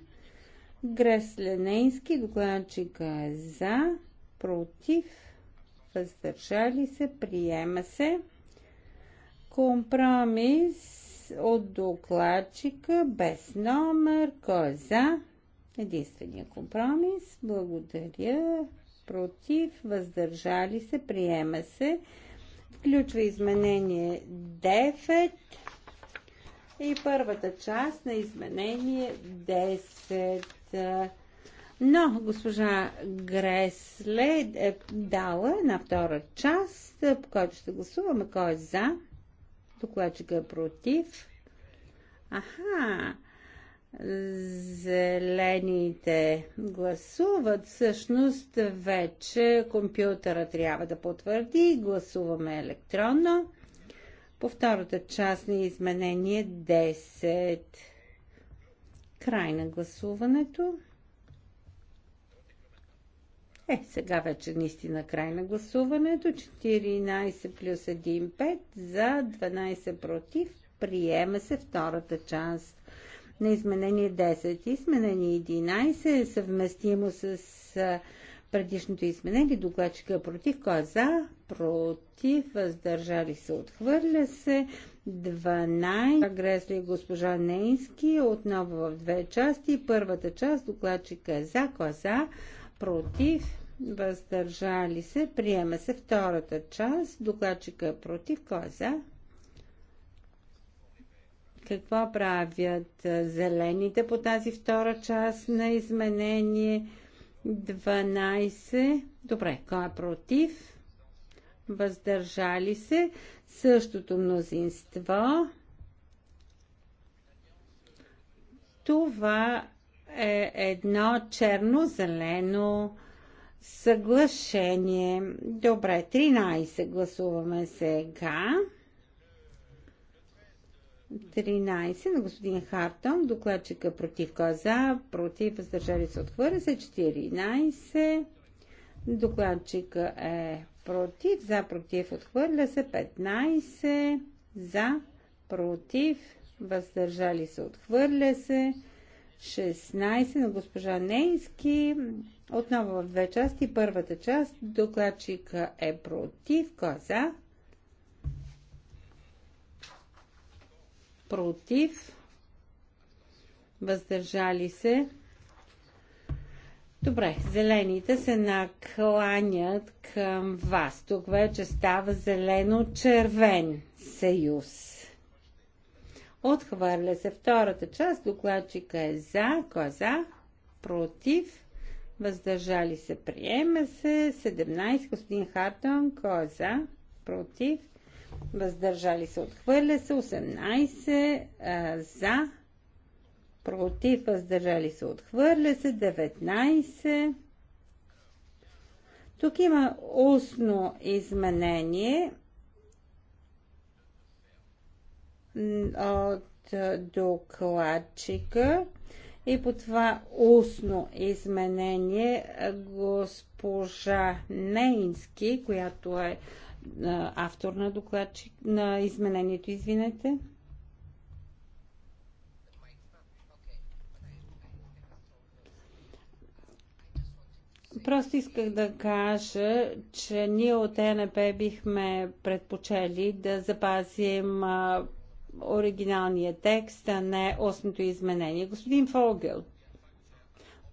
Гресленейски, докладчика е за. Против въздържали се, приема се. Компромис от докладчика без номер. Кой е за? Единствения компромис. Благодаря. Против, въздържали се, приема се. Включва изменение 9 и първата част на изменение 10. Но госпожа Гресле е дала е на втора част, е, по който ще гласуваме кой е за, докладчика е против. Аха, зелените гласуват, всъщност вече компютъра трябва да потвърди, гласуваме електронно. По втората част на изменение 10. Край на гласуването. Е, сега вече наистина край на гласуването. 14 плюс 1, 5 за 12 против. Приема се втората част на изменение 10. Изменение 11 е съвместимо с предишното изменение. Докладчика е против. Кой е за? Против. Въздържали се. Отхвърля се. 12. Гресли и госпожа Нейнски. Отново в две части. Първата част. Докладчика е за. Кой е за? Против въздържали се, приема се втората част, докладчика е против, кой е за? Какво правят зелените по тази втора част на изменение 12? Добре, кой е против? Въздържали се, същото мнозинство. Това е едно черно-зелено съглашение. Добре, 13 гласуваме сега. 13 на господин Хартон, докладчика против каза, е за, против въздържали се отхвърля се, 14, докладчика е против, за, против отхвърля се, 15, за, против, въздържали се отхвърля се, 16 на госпожа Нейски, отново в две части. Първата част докладчика е против. Кой е за? Против. Въздържали се. Добре, зелените се накланят към вас. Тук вече става зелено-червен съюз. Отхвърля се втората част. Докладчика е за. коза, е за? Против въздържали се, приема се. 17, господин Хартон, кой е за, против, въздържали се, отхвърля се. 18, а, за, против, въздържали се, отхвърля се. 19, тук има устно изменение от докладчика. И по това устно изменение госпожа Нейнски, която е автор на докладчик на изменението, извинете. Просто исках да кажа, че ние от ЕНП бихме предпочели да запазим оригиналния текст, а не осмото изменение. Господин Фолгел.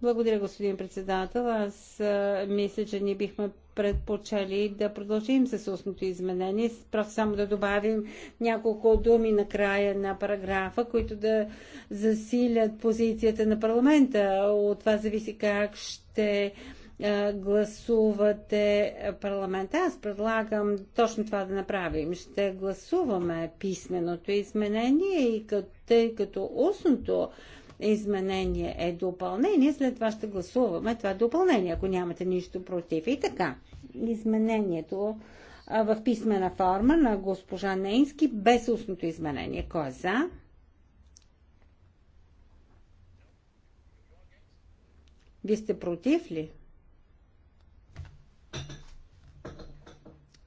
Благодаря, господин председател. Аз а, мисля, че ние бихме предпочели да продължим с устното изменение, просто само да добавим няколко думи на края на параграфа, които да засилят позицията на парламента. От това зависи как ще гласувате парламента. Аз предлагам точно това да направим. Ще гласуваме писменото изменение и като, тъй като устното изменение е допълнение, след това ще гласуваме това допълнение, ако нямате нищо против. И така, изменението в писмена форма на госпожа Нейнски без устното изменение. Кой е за? Вие сте против ли?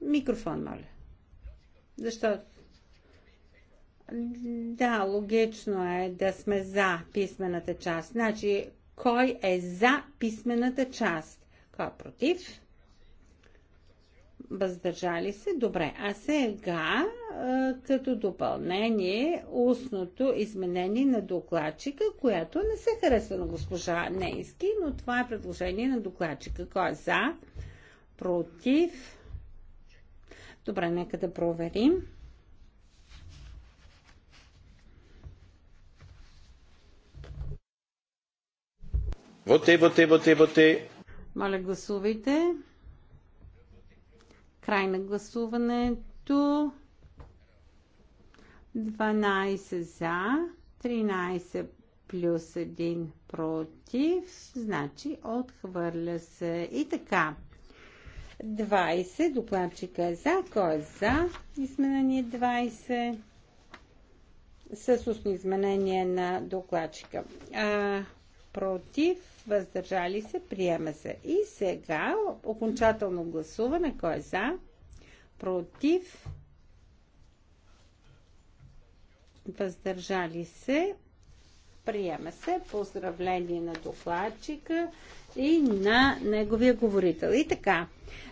Микрофон, моля. Защо? да, логично е да сме за писмената част. Значи, кой е за писмената част? Кой е против? Въздържали се? Добре. А сега, като допълнение, устното изменение на докладчика, което не се харесва на госпожа Нейски, но това е предложение на докладчика. Кой е за? Против? Добре, нека да проверим. Воте, воте, воте, воте. Моля, гласувайте. Край на гласуването. 12 за, 13 плюс 1 против, значи отхвърля се. И така, 20. Докладчика е за. Кой е за изменение 20? С устно изменение на докладчика. А, против, въздържали се, приема се. И сега окончателно гласуване. Кой е за? Против, въздържали се, приема се. Поздравление на докладчика и на неговия говорител. И така,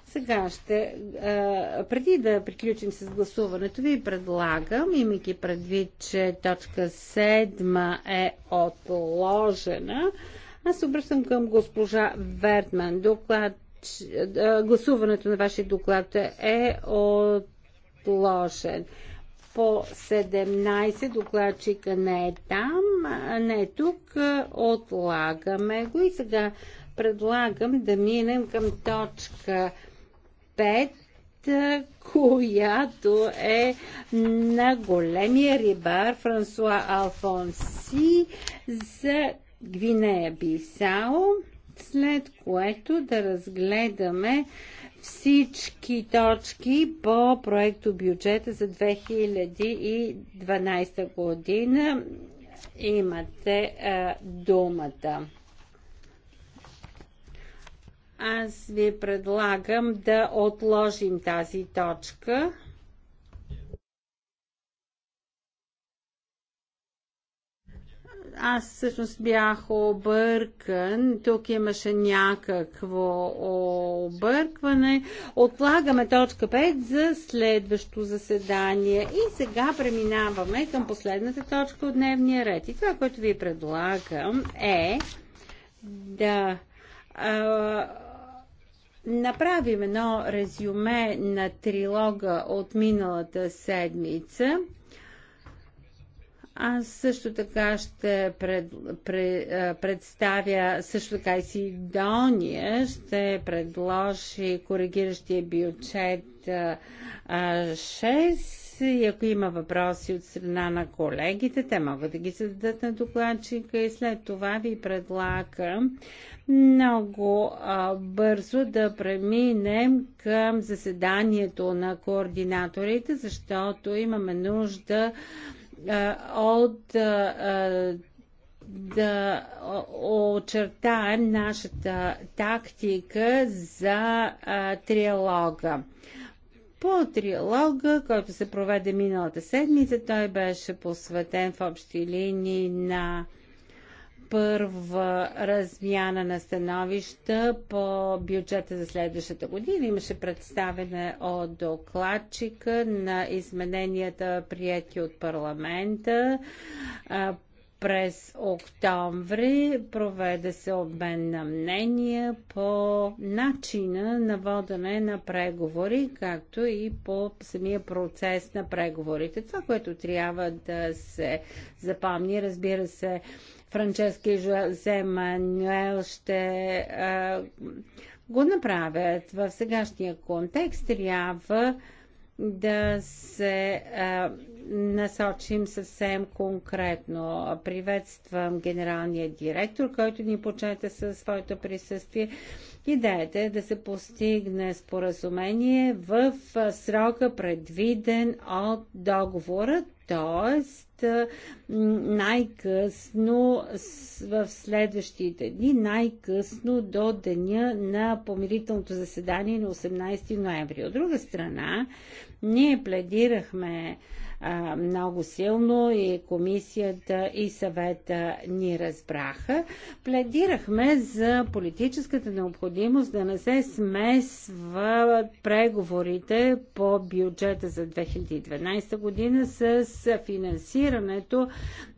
сега ще, преди да приключим с гласуването, ви предлагам, имайки предвид, че точка 7 е отложена, аз се обръщам към госпожа Вертман. Доклад, гласуването на вашия доклад е отложен. По 17 докладчика не е там, не е тук, отлагаме го и сега предлагам да минем към точка 5 която е на големия рибар Франсуа Алфонси за Гвинея Бисао, след което да разгледаме всички точки по проекто бюджета за 2012 година. Имате а, думата. Аз ви предлагам да отложим тази точка. аз всъщност бях объркан. Тук имаше някакво объркване. Отлагаме точка 5 за следващо заседание. И сега преминаваме към последната точка от дневния ред. И това, което ви предлагам е да. А, направим едно резюме на трилога от миналата седмица – аз също така ще пред, пред, представя също така и Сидония, ще предложи коригиращия бюджет 6 и ако има въпроси от страна на колегите, те могат да ги зададат на докладчика и след това ви предлагам много а, бързо да преминем към заседанието на координаторите, защото имаме нужда от да очертаем нашата тактика за триалога. По триалога, който се проведе миналата седмица, той беше посветен в общи линии на първа размяна на становища по бюджета за следващата година. Имаше представене от докладчика на измененията, прияти от парламента. През октомври проведе се обмен на мнения по начина на водене на преговори, както и по самия процес на преговорите. Това, което трябва да се запомни, разбира се, Франчески Жозе Манюел ще а, го направят в сегашния контекст, трябва да се а, насочим съвсем конкретно. Приветствам генералния директор, който ни почета със своето присъствие. Идеята е да се постигне споразумение в срока предвиден от договора, т.е най-късно в следващите дни, най-късно до деня на помирителното заседание на 18 ноември. От друга страна, ние пледирахме а, много силно и комисията и съвета ни разбраха. Пледирахме за политическата необходимост да не се смесва преговорите по бюджета за 2012 година с финансирането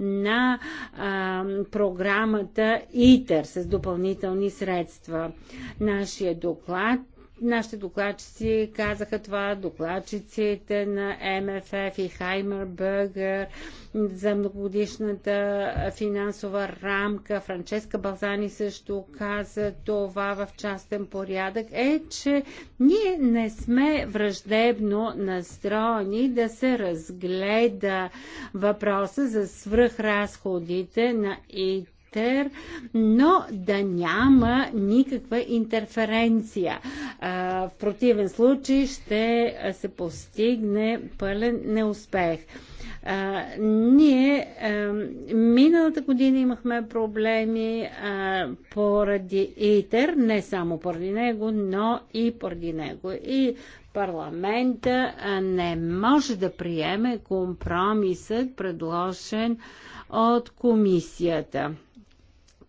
на а, програмата ИТЕР с допълнителни средства. Нашия доклад Нашите докладчици казаха това, докладчиците на МФФ и Хаймербъргер за многогодишната финансова рамка, Франческа Балзани също каза това в частен порядък, е, че ние не сме враждебно настроени да се разгледа въпроса за свръхразходите на ИТ характер, но да няма никаква интерференция. В противен случай ще се постигне пълен неуспех. А, ние а, миналата година имахме проблеми а, поради ИТЕР, не само поради него, но и поради него. И парламента не може да приеме компромисът, предложен от комисията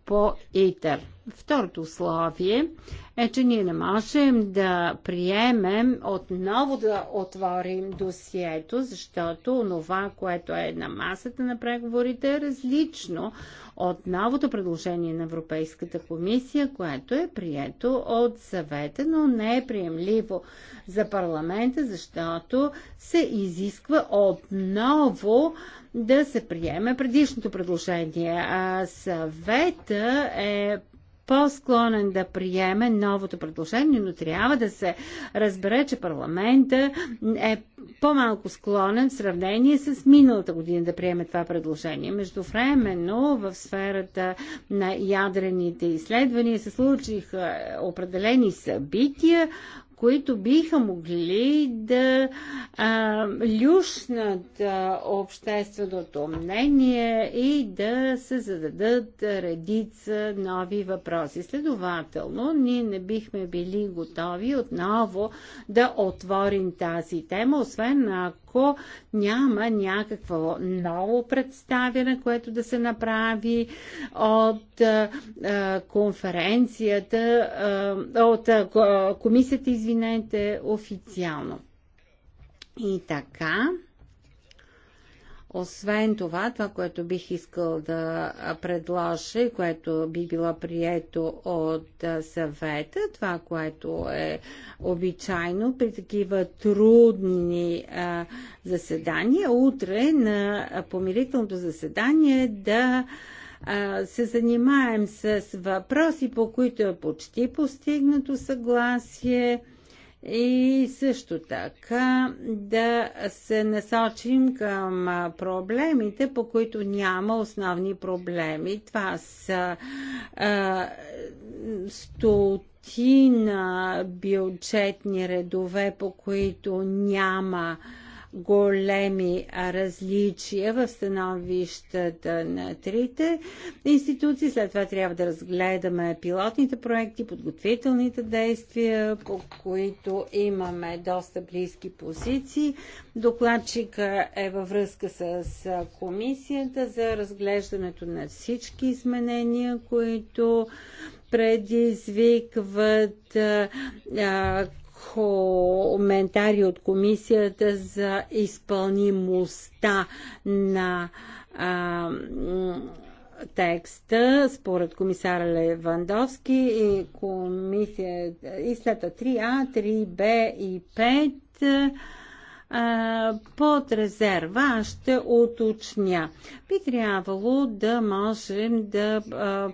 по етер. Второто условие е, че ние не можем да приемем отново да отворим досието, защото това, което е на масата на преговорите е различно от новото предложение на Европейската комисия, което е прието от съвета, но не е приемливо за парламента, защото се изисква отново да се приеме предишното предложение. А съвета е по-склонен да приеме новото предложение, но трябва да се разбере, че парламента е по-малко склонен в сравнение с миналата година да приеме това предложение. Междувременно в сферата на ядрените изследвания се случиха определени събития, които биха могли да а, люшнат а, общественото мнение и да се зададат редица нови въпроси. Следователно, ние не бихме били готови отново да отворим тази тема, освен ако няма някакво ново представяне, което да се направи от а, конференцията, а, от а, комисията, извинете, официално. И така, освен това, това, което бих искал да предложа и което би било прието от съвета, това, което е обичайно при такива трудни а, заседания, утре на помирителното заседание да а, се занимаем с въпроси, по които е почти постигнато съгласие и също така да се насочим към проблемите, по които няма основни проблеми. Това са а, стотина бюджетни редове, по които няма а, големи различия в становищата на трите институции. След това трябва да разгледаме пилотните проекти, подготвителните действия, по които имаме доста близки позиции. Докладчика е във връзка с комисията за разглеждането на всички изменения, които предизвикват а, коментари от комисията за изпълнимостта на а, текста според комисара Левандовски и, комисията и след 3А, 3Б и 5 под резерва, аз ще уточня. Би трябвало да можем да а,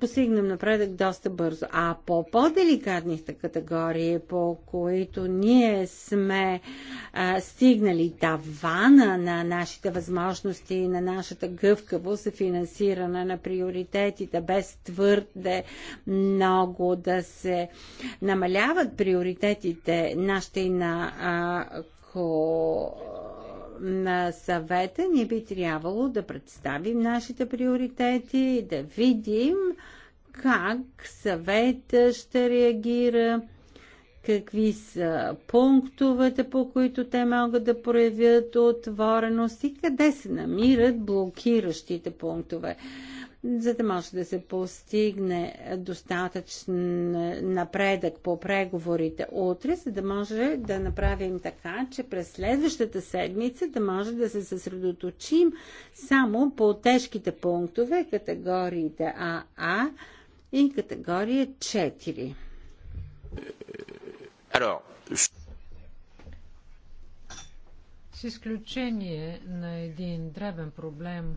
постигнем напредък доста бързо. А по по-деликатните категории, по които ние сме а, стигнали тавана на нашите възможности и на нашата гъвкавост за финансиране на приоритетите, без твърде много да се намаляват приоритетите нашите и на а, върху на съвета, ни би трябвало да представим нашите приоритети и да видим как съвета ще реагира, какви са пунктовете, по които те могат да проявят отвореност и къде се намират блокиращите пунктове за да може да се постигне достатъчен напредък по преговорите утре, за да може да направим така, че през следващата седмица да може да се съсредоточим само по тежките пунктове, категориите АА и категория 4. с изключение на един дребен проблем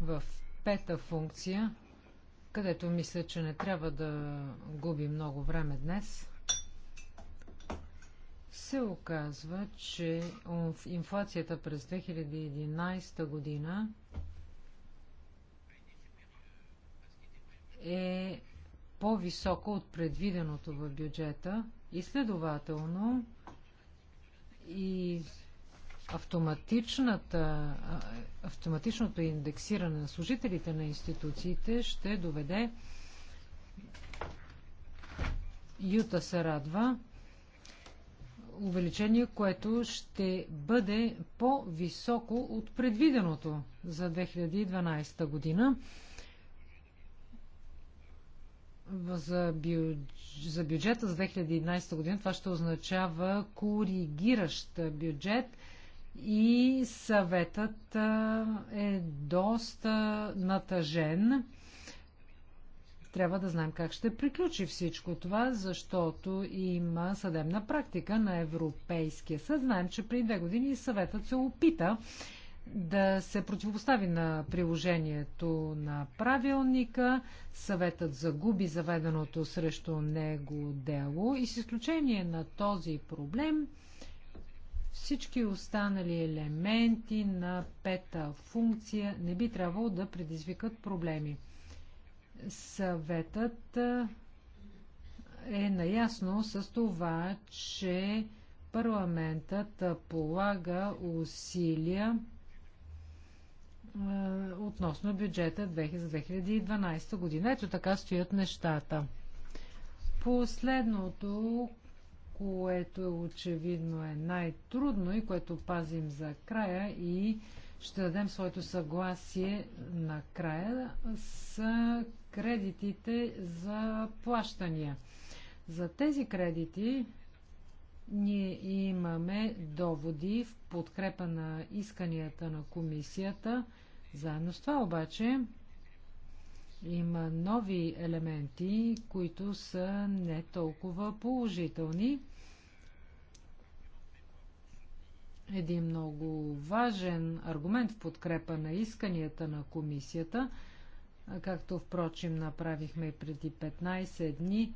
в пета функция, където мисля, че не трябва да губи много време днес, се оказва, че инфлацията през 2011 година е по-висока от предвиденото в бюджета и следователно и автоматичното индексиране на служителите на институциите ще доведе Юта се радва увеличение, което ще бъде по-високо от предвиденото за 2012 година. За, бюдж... за бюджета за 2011 година това ще означава коригиращ бюджет – и съветът е доста натъжен. Трябва да знаем как ще приключи всичко това, защото има съдебна практика на Европейския съд. Знаем, че преди две години съветът се опита да се противопостави на приложението на правилника. Съветът загуби заведеното срещу него дело и с изключение на този проблем – всички останали елементи на пета функция не би трябвало да предизвикат проблеми. Съветът е наясно с това, че парламентът полага усилия относно бюджета за 2012 година. Ето така стоят нещата. Последното, което е очевидно е най-трудно и което пазим за края и ще дадем своето съгласие на края са кредитите за плащания. За тези кредити ние имаме доводи в подкрепа на исканията на комисията. Заедно с това обаче има нови елементи, които са не толкова положителни. един много важен аргумент в подкрепа на исканията на комисията, както впрочем направихме и преди 15 дни,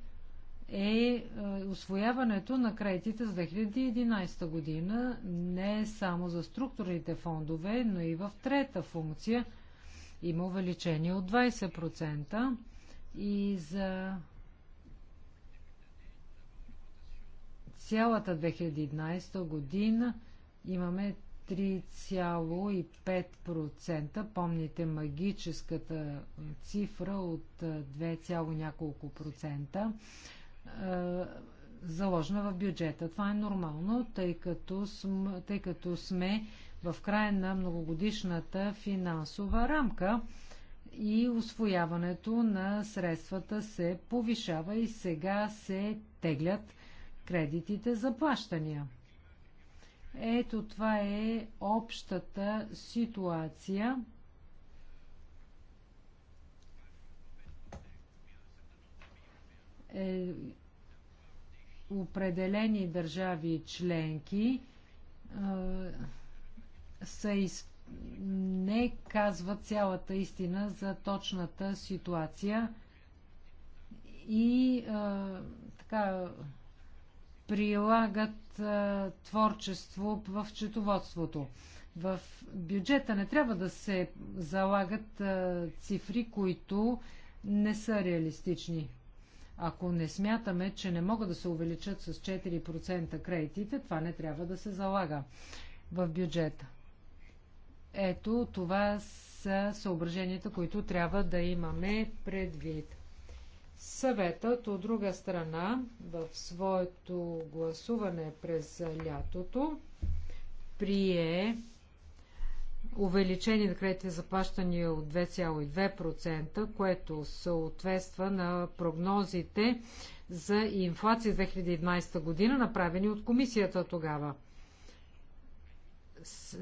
е, е освояването на кредитите за 2011 година не само за структурните фондове, но и в трета функция има увеличение от 20% и за цялата 2011 година имаме 3,5%. Помните магическата цифра от 2, няколко процента заложена в бюджета. Това е нормално, тъй като, см, тъй като сме в края на многогодишната финансова рамка и освояването на средствата се повишава и сега се теглят кредитите за плащания. Ето това е общата ситуация. Е, определени държави членки е, са из... не казват цялата истина за точната ситуация и е, така прилагат а, творчество в четоводството. В бюджета не трябва да се залагат а, цифри, които не са реалистични. Ако не смятаме, че не могат да се увеличат с 4% кредитите, това не трябва да се залага в бюджета. Ето, това са съображенията, които трябва да имаме предвид. Съветът, от друга страна, в своето гласуване през лятото прие увеличение на кредитите за от 2,2%, което съответства на прогнозите за инфлация 2011 година, направени от комисията тогава. С,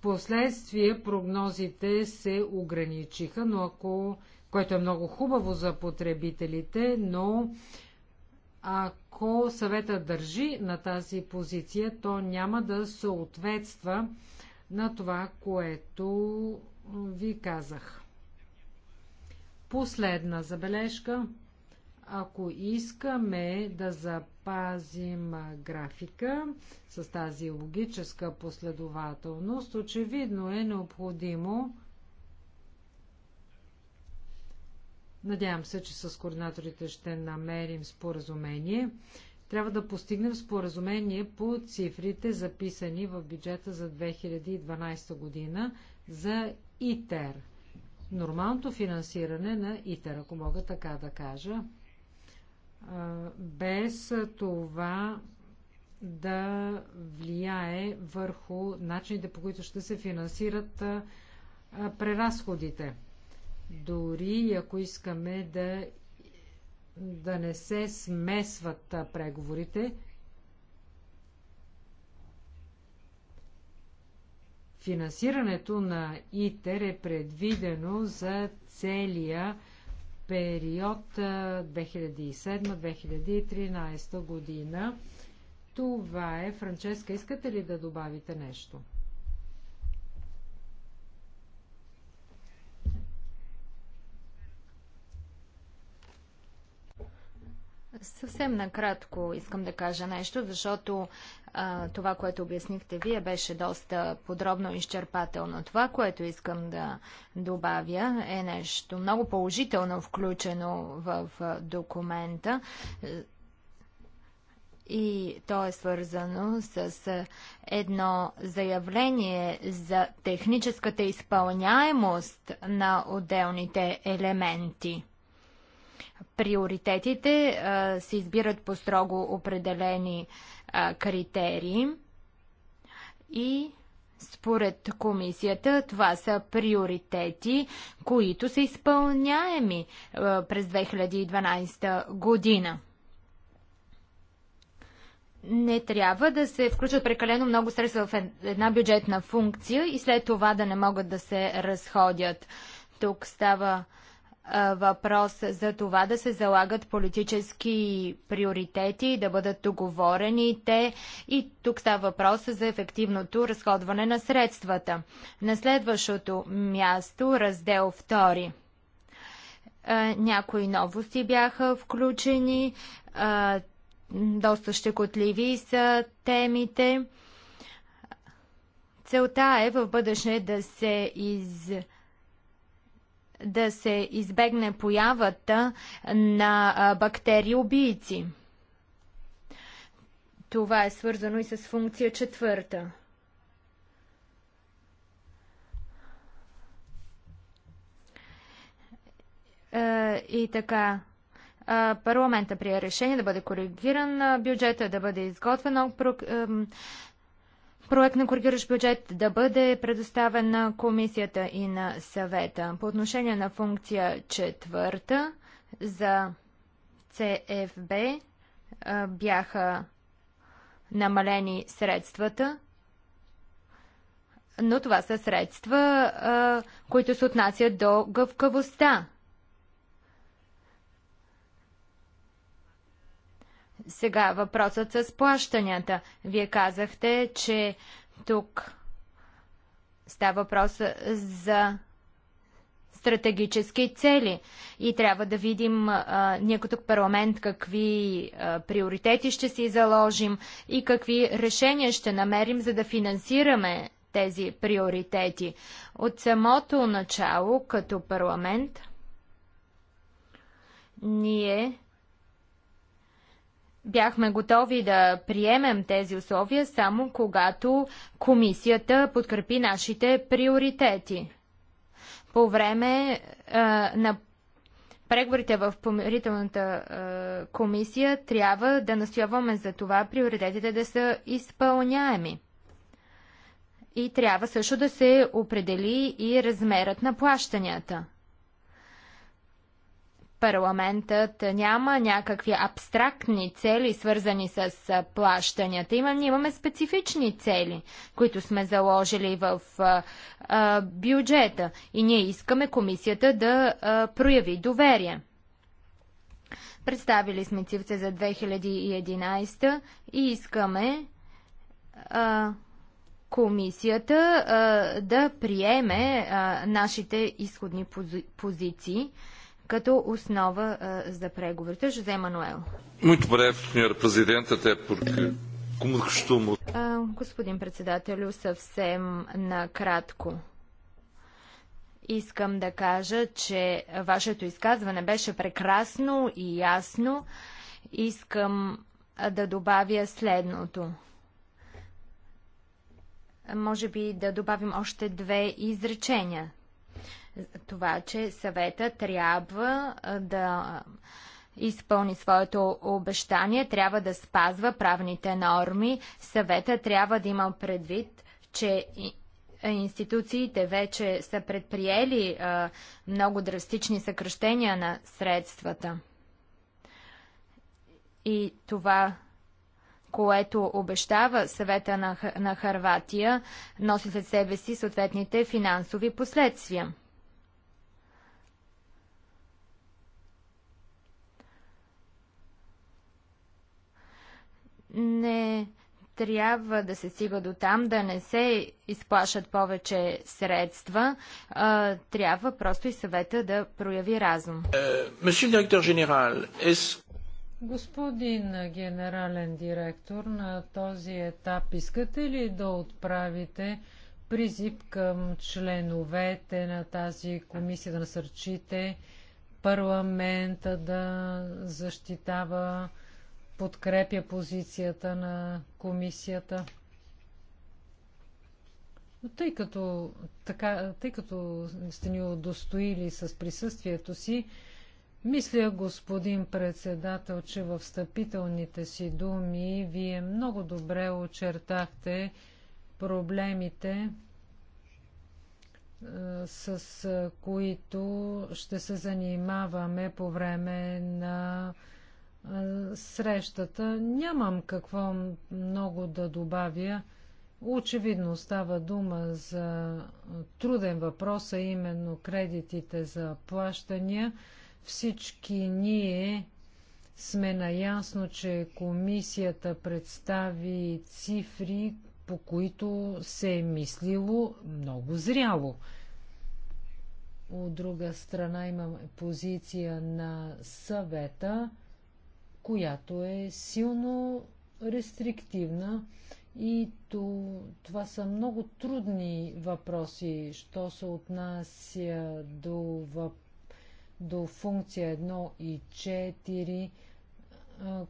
Впоследствие прогнозите се ограничиха, но ако, което е много хубаво за потребителите, но ако съвета държи на тази позиция, то няма да съответства на това, което ви казах. Последна забележка. Ако искаме да запазим графика с тази логическа последователност, очевидно е необходимо Надявам се, че с координаторите ще намерим споразумение. Трябва да постигнем споразумение по цифрите, записани в бюджета за 2012 година за ИТЕР. Нормалното финансиране на ИТЕР, ако мога така да кажа без това да влияе върху начините, по които ще се финансират преразходите. Дори ако искаме да, да не се смесват преговорите, финансирането на ИТЕР е предвидено за целия период 2007-2013 година. Това е. Франческа, искате ли да добавите нещо? Съвсем накратко искам да кажа нещо, защото това, което обяснихте вие, беше доста подробно и изчерпателно. Това, което искам да добавя, е нещо много положително включено в документа и то е свързано с едно заявление за техническата изпълняемост на отделните елементи. Приоритетите а, се избират по строго определени а, а, критерии и според комисията това са приоритети, които са изпълняеми а, през 2012 година. Не трябва да се включат прекалено много средства в една бюджетна функция и след това да не могат да се разходят. Тук става въпрос за това да се залагат политически приоритети, да бъдат договорени те и тук става въпрос за ефективното разходване на средствата. На следващото място раздел 2. Някои новости бяха включени, доста щекотливи са темите. Целта е в бъдеще да се из да се избегне появата на бактерии убийци. Това е свързано и с функция четвърта. И така, парламента прие решение да бъде коригиран бюджета, да бъде изготвено проект на коригираш бюджет да бъде предоставен на комисията и на съвета. По отношение на функция четвърта за ЦФБ бяха намалени средствата, но това са средства, които се отнасят до гъвкавостта Сега въпросът с плащанията. Вие казахте, че тук става въпрос за стратегически цели и трябва да видим а, ние като парламент какви а, приоритети ще си заложим и какви решения ще намерим, за да финансираме тези приоритети. От самото начало като парламент ние Бяхме готови да приемем тези условия само когато комисията подкрепи нашите приоритети. По време а, на преговорите в помирителната а, комисия трябва да настояваме за това приоритетите да са изпълняеми. И трябва също да се определи и размерът на плащанията парламентът няма някакви абстрактни цели, свързани с плащанията. Има, ние имаме специфични цели, които сме заложили в а, а, бюджета и ние искаме комисията да а, прояви доверие. Представили сме цифрите за 2011 и искаме а, комисията а, да приеме а, нашите изходни пози, позиции като основа за преговорите. Жозе Мануел. Muito breve, senhor presidente, até porque como господин председателю, съвсем накратко. Искам да кажа, че вашето изказване беше прекрасно и ясно. Искам да добавя следното. Може би да добавим още две изречения това, че съвета трябва да изпълни своето обещание, трябва да спазва правните норми. Съвета трябва да има предвид, че институциите вече са предприели а, много драстични съкръщения на средствата. И това, което обещава съвета на, на Харватия, носи след себе си съответните финансови последствия. не трябва да се стига до там, да не се изплашат повече средства. А, трябва просто и съвета да прояви разум. Е, Господин генерален директор, на този етап искате ли да отправите призив към членовете на тази комисия да насърчите парламента да защитава подкрепя позицията на комисията. Но тъй като, така, тъй като сте ни удостоили с присъствието си, мисля, господин председател, че в встъпителните си думи вие много добре очертахте проблемите, с които ще се занимаваме по време на срещата. Нямам какво много да добавя. Очевидно става дума за труден въпрос, а именно кредитите за плащания. Всички ние сме наясно, че комисията представи цифри, по които се е мислило много зряло. От друга страна имаме позиция на съвета – която е силно рестриктивна и това са много трудни въпроси, що се отнася до, въп... до функция 1 и 4.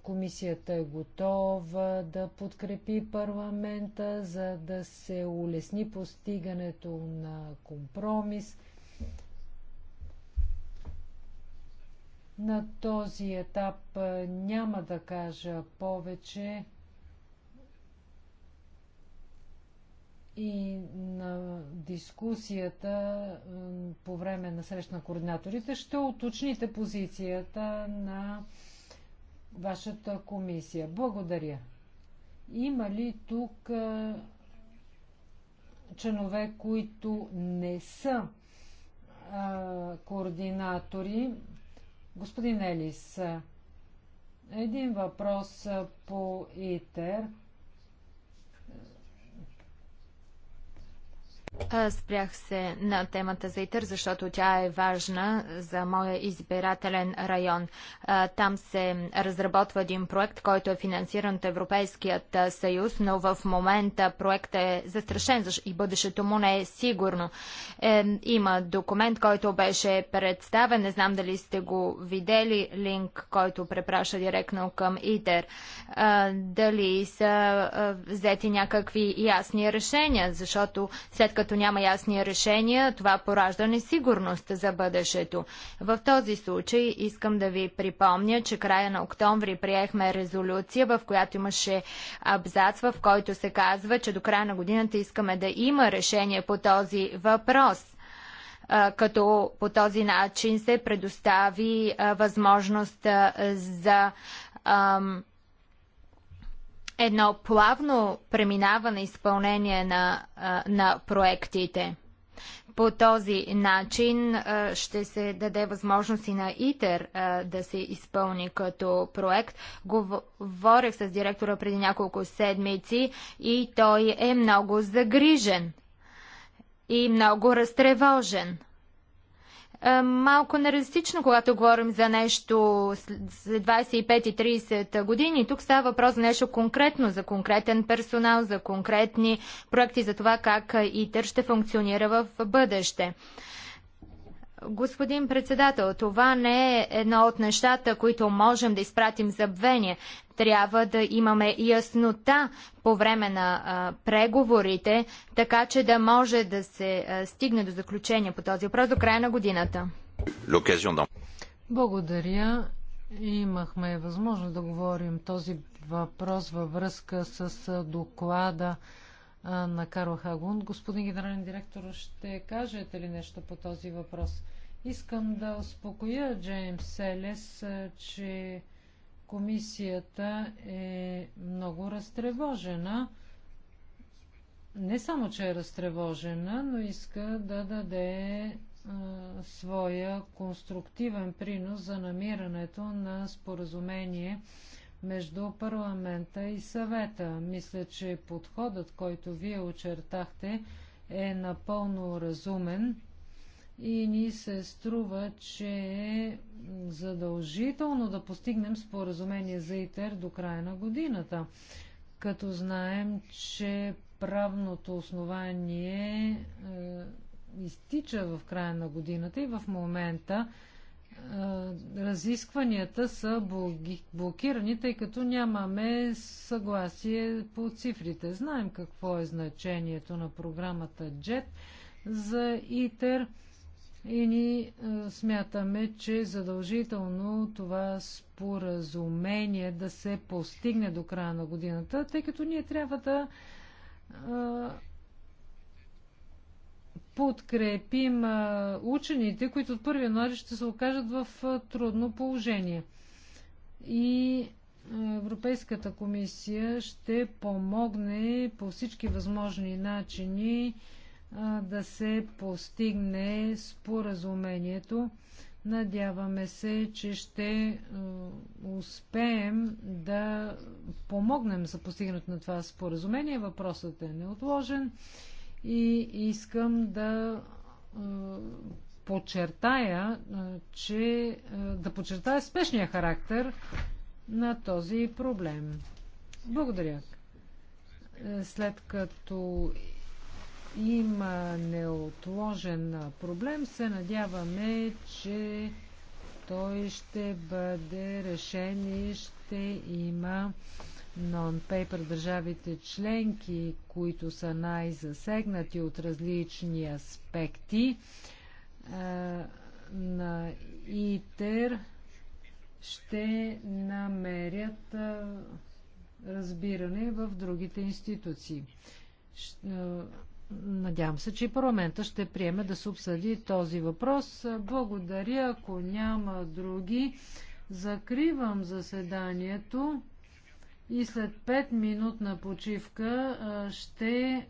Комисията е готова да подкрепи парламента, за да се улесни постигането на компромис На този етап няма да кажа повече и на дискусията по време на среща на координаторите ще уточните позицията на вашата комисия. Благодаря. Има ли тук чанове, които не са а, координатори? Господин Елис, един въпрос по ИТЕР. Е, спрях се на темата за ИТър, защото тя е важна за моя избирателен район. Е, там се разработва един проект, който е финансиран от Европейският е, съюз, но в момента проектът е застрашен и бъдещето му не е сигурно. има документ, който беше представен, не знам дали сте го видели, линк, който препраша директно към Итър. дали са взети някакви ясни решения, защото след като като няма ясни решения, това поражда несигурност за бъдещето. В този случай искам да ви припомня, че края на октомври приехме резолюция, в която имаше абзац, в който се казва, че до края на годината искаме да има решение по този въпрос като по този начин се предостави възможност за ам, едно плавно преминаване изпълнение на, на проектите. По този начин ще се даде възможност и на ИТЕР да се изпълни като проект. Говорех с директора преди няколко седмици и той е много загрижен и много разтревожен. Е, малко нереалистично, когато говорим за нещо след 25 30 години. Тук става въпрос за нещо конкретно, за конкретен персонал, за конкретни проекти, за това как ИТЕР ще функционира в бъдеще. Господин председател, това не е едно от нещата, които можем да изпратим забвение. Трябва да имаме яснота по време на а, преговорите, така че да може да се а, стигне до заключение по този въпрос до края на годината. Благодаря. Имахме възможност да говорим този въпрос във връзка с доклада на Карл Хагунд. Господин генерален директор, ще кажете ли нещо по този въпрос? Искам да успокоя Джеймс Селес, че комисията е много разтревожена. Не само, че е разтревожена, но иска да даде своя конструктивен принос за намирането на споразумение между парламента и съвета. Мисля, че подходът, който вие очертахте, е напълно разумен и ни се струва, че е задължително да постигнем споразумение за ИТЕР до края на годината, като знаем, че правното основание е, изтича в края на годината и в момента е, разискванията са блокирани, тъй като нямаме съгласие по цифрите. Знаем какво е значението на програмата JET за ИТЕР и ни е, смятаме, че е задължително това споразумение да се постигне до края на годината, тъй като ние трябва да подкрепим учените, които от 1 януари ще се окажат в трудно положение. И Европейската комисия ще помогне по всички възможни начини да се постигне споразумението. Надяваме се, че ще успеем да помогнем за постигането на това споразумение. Въпросът е неотложен и искам да подчертая, че да подчертая спешния характер на този проблем. Благодаря. Е, след като има неотложен проблем, се надяваме, че той ще бъде решен и ще има нон-пейпер държавите членки, които са най-засегнати от различни аспекти е, на ИТЕР, ще намерят е, разбиране в другите институции. Ш, е, надявам се, че и парламента ще приеме да се обсъди този въпрос. Благодаря, ако няма други. Закривам заседанието. И след 5 минутна почивка ще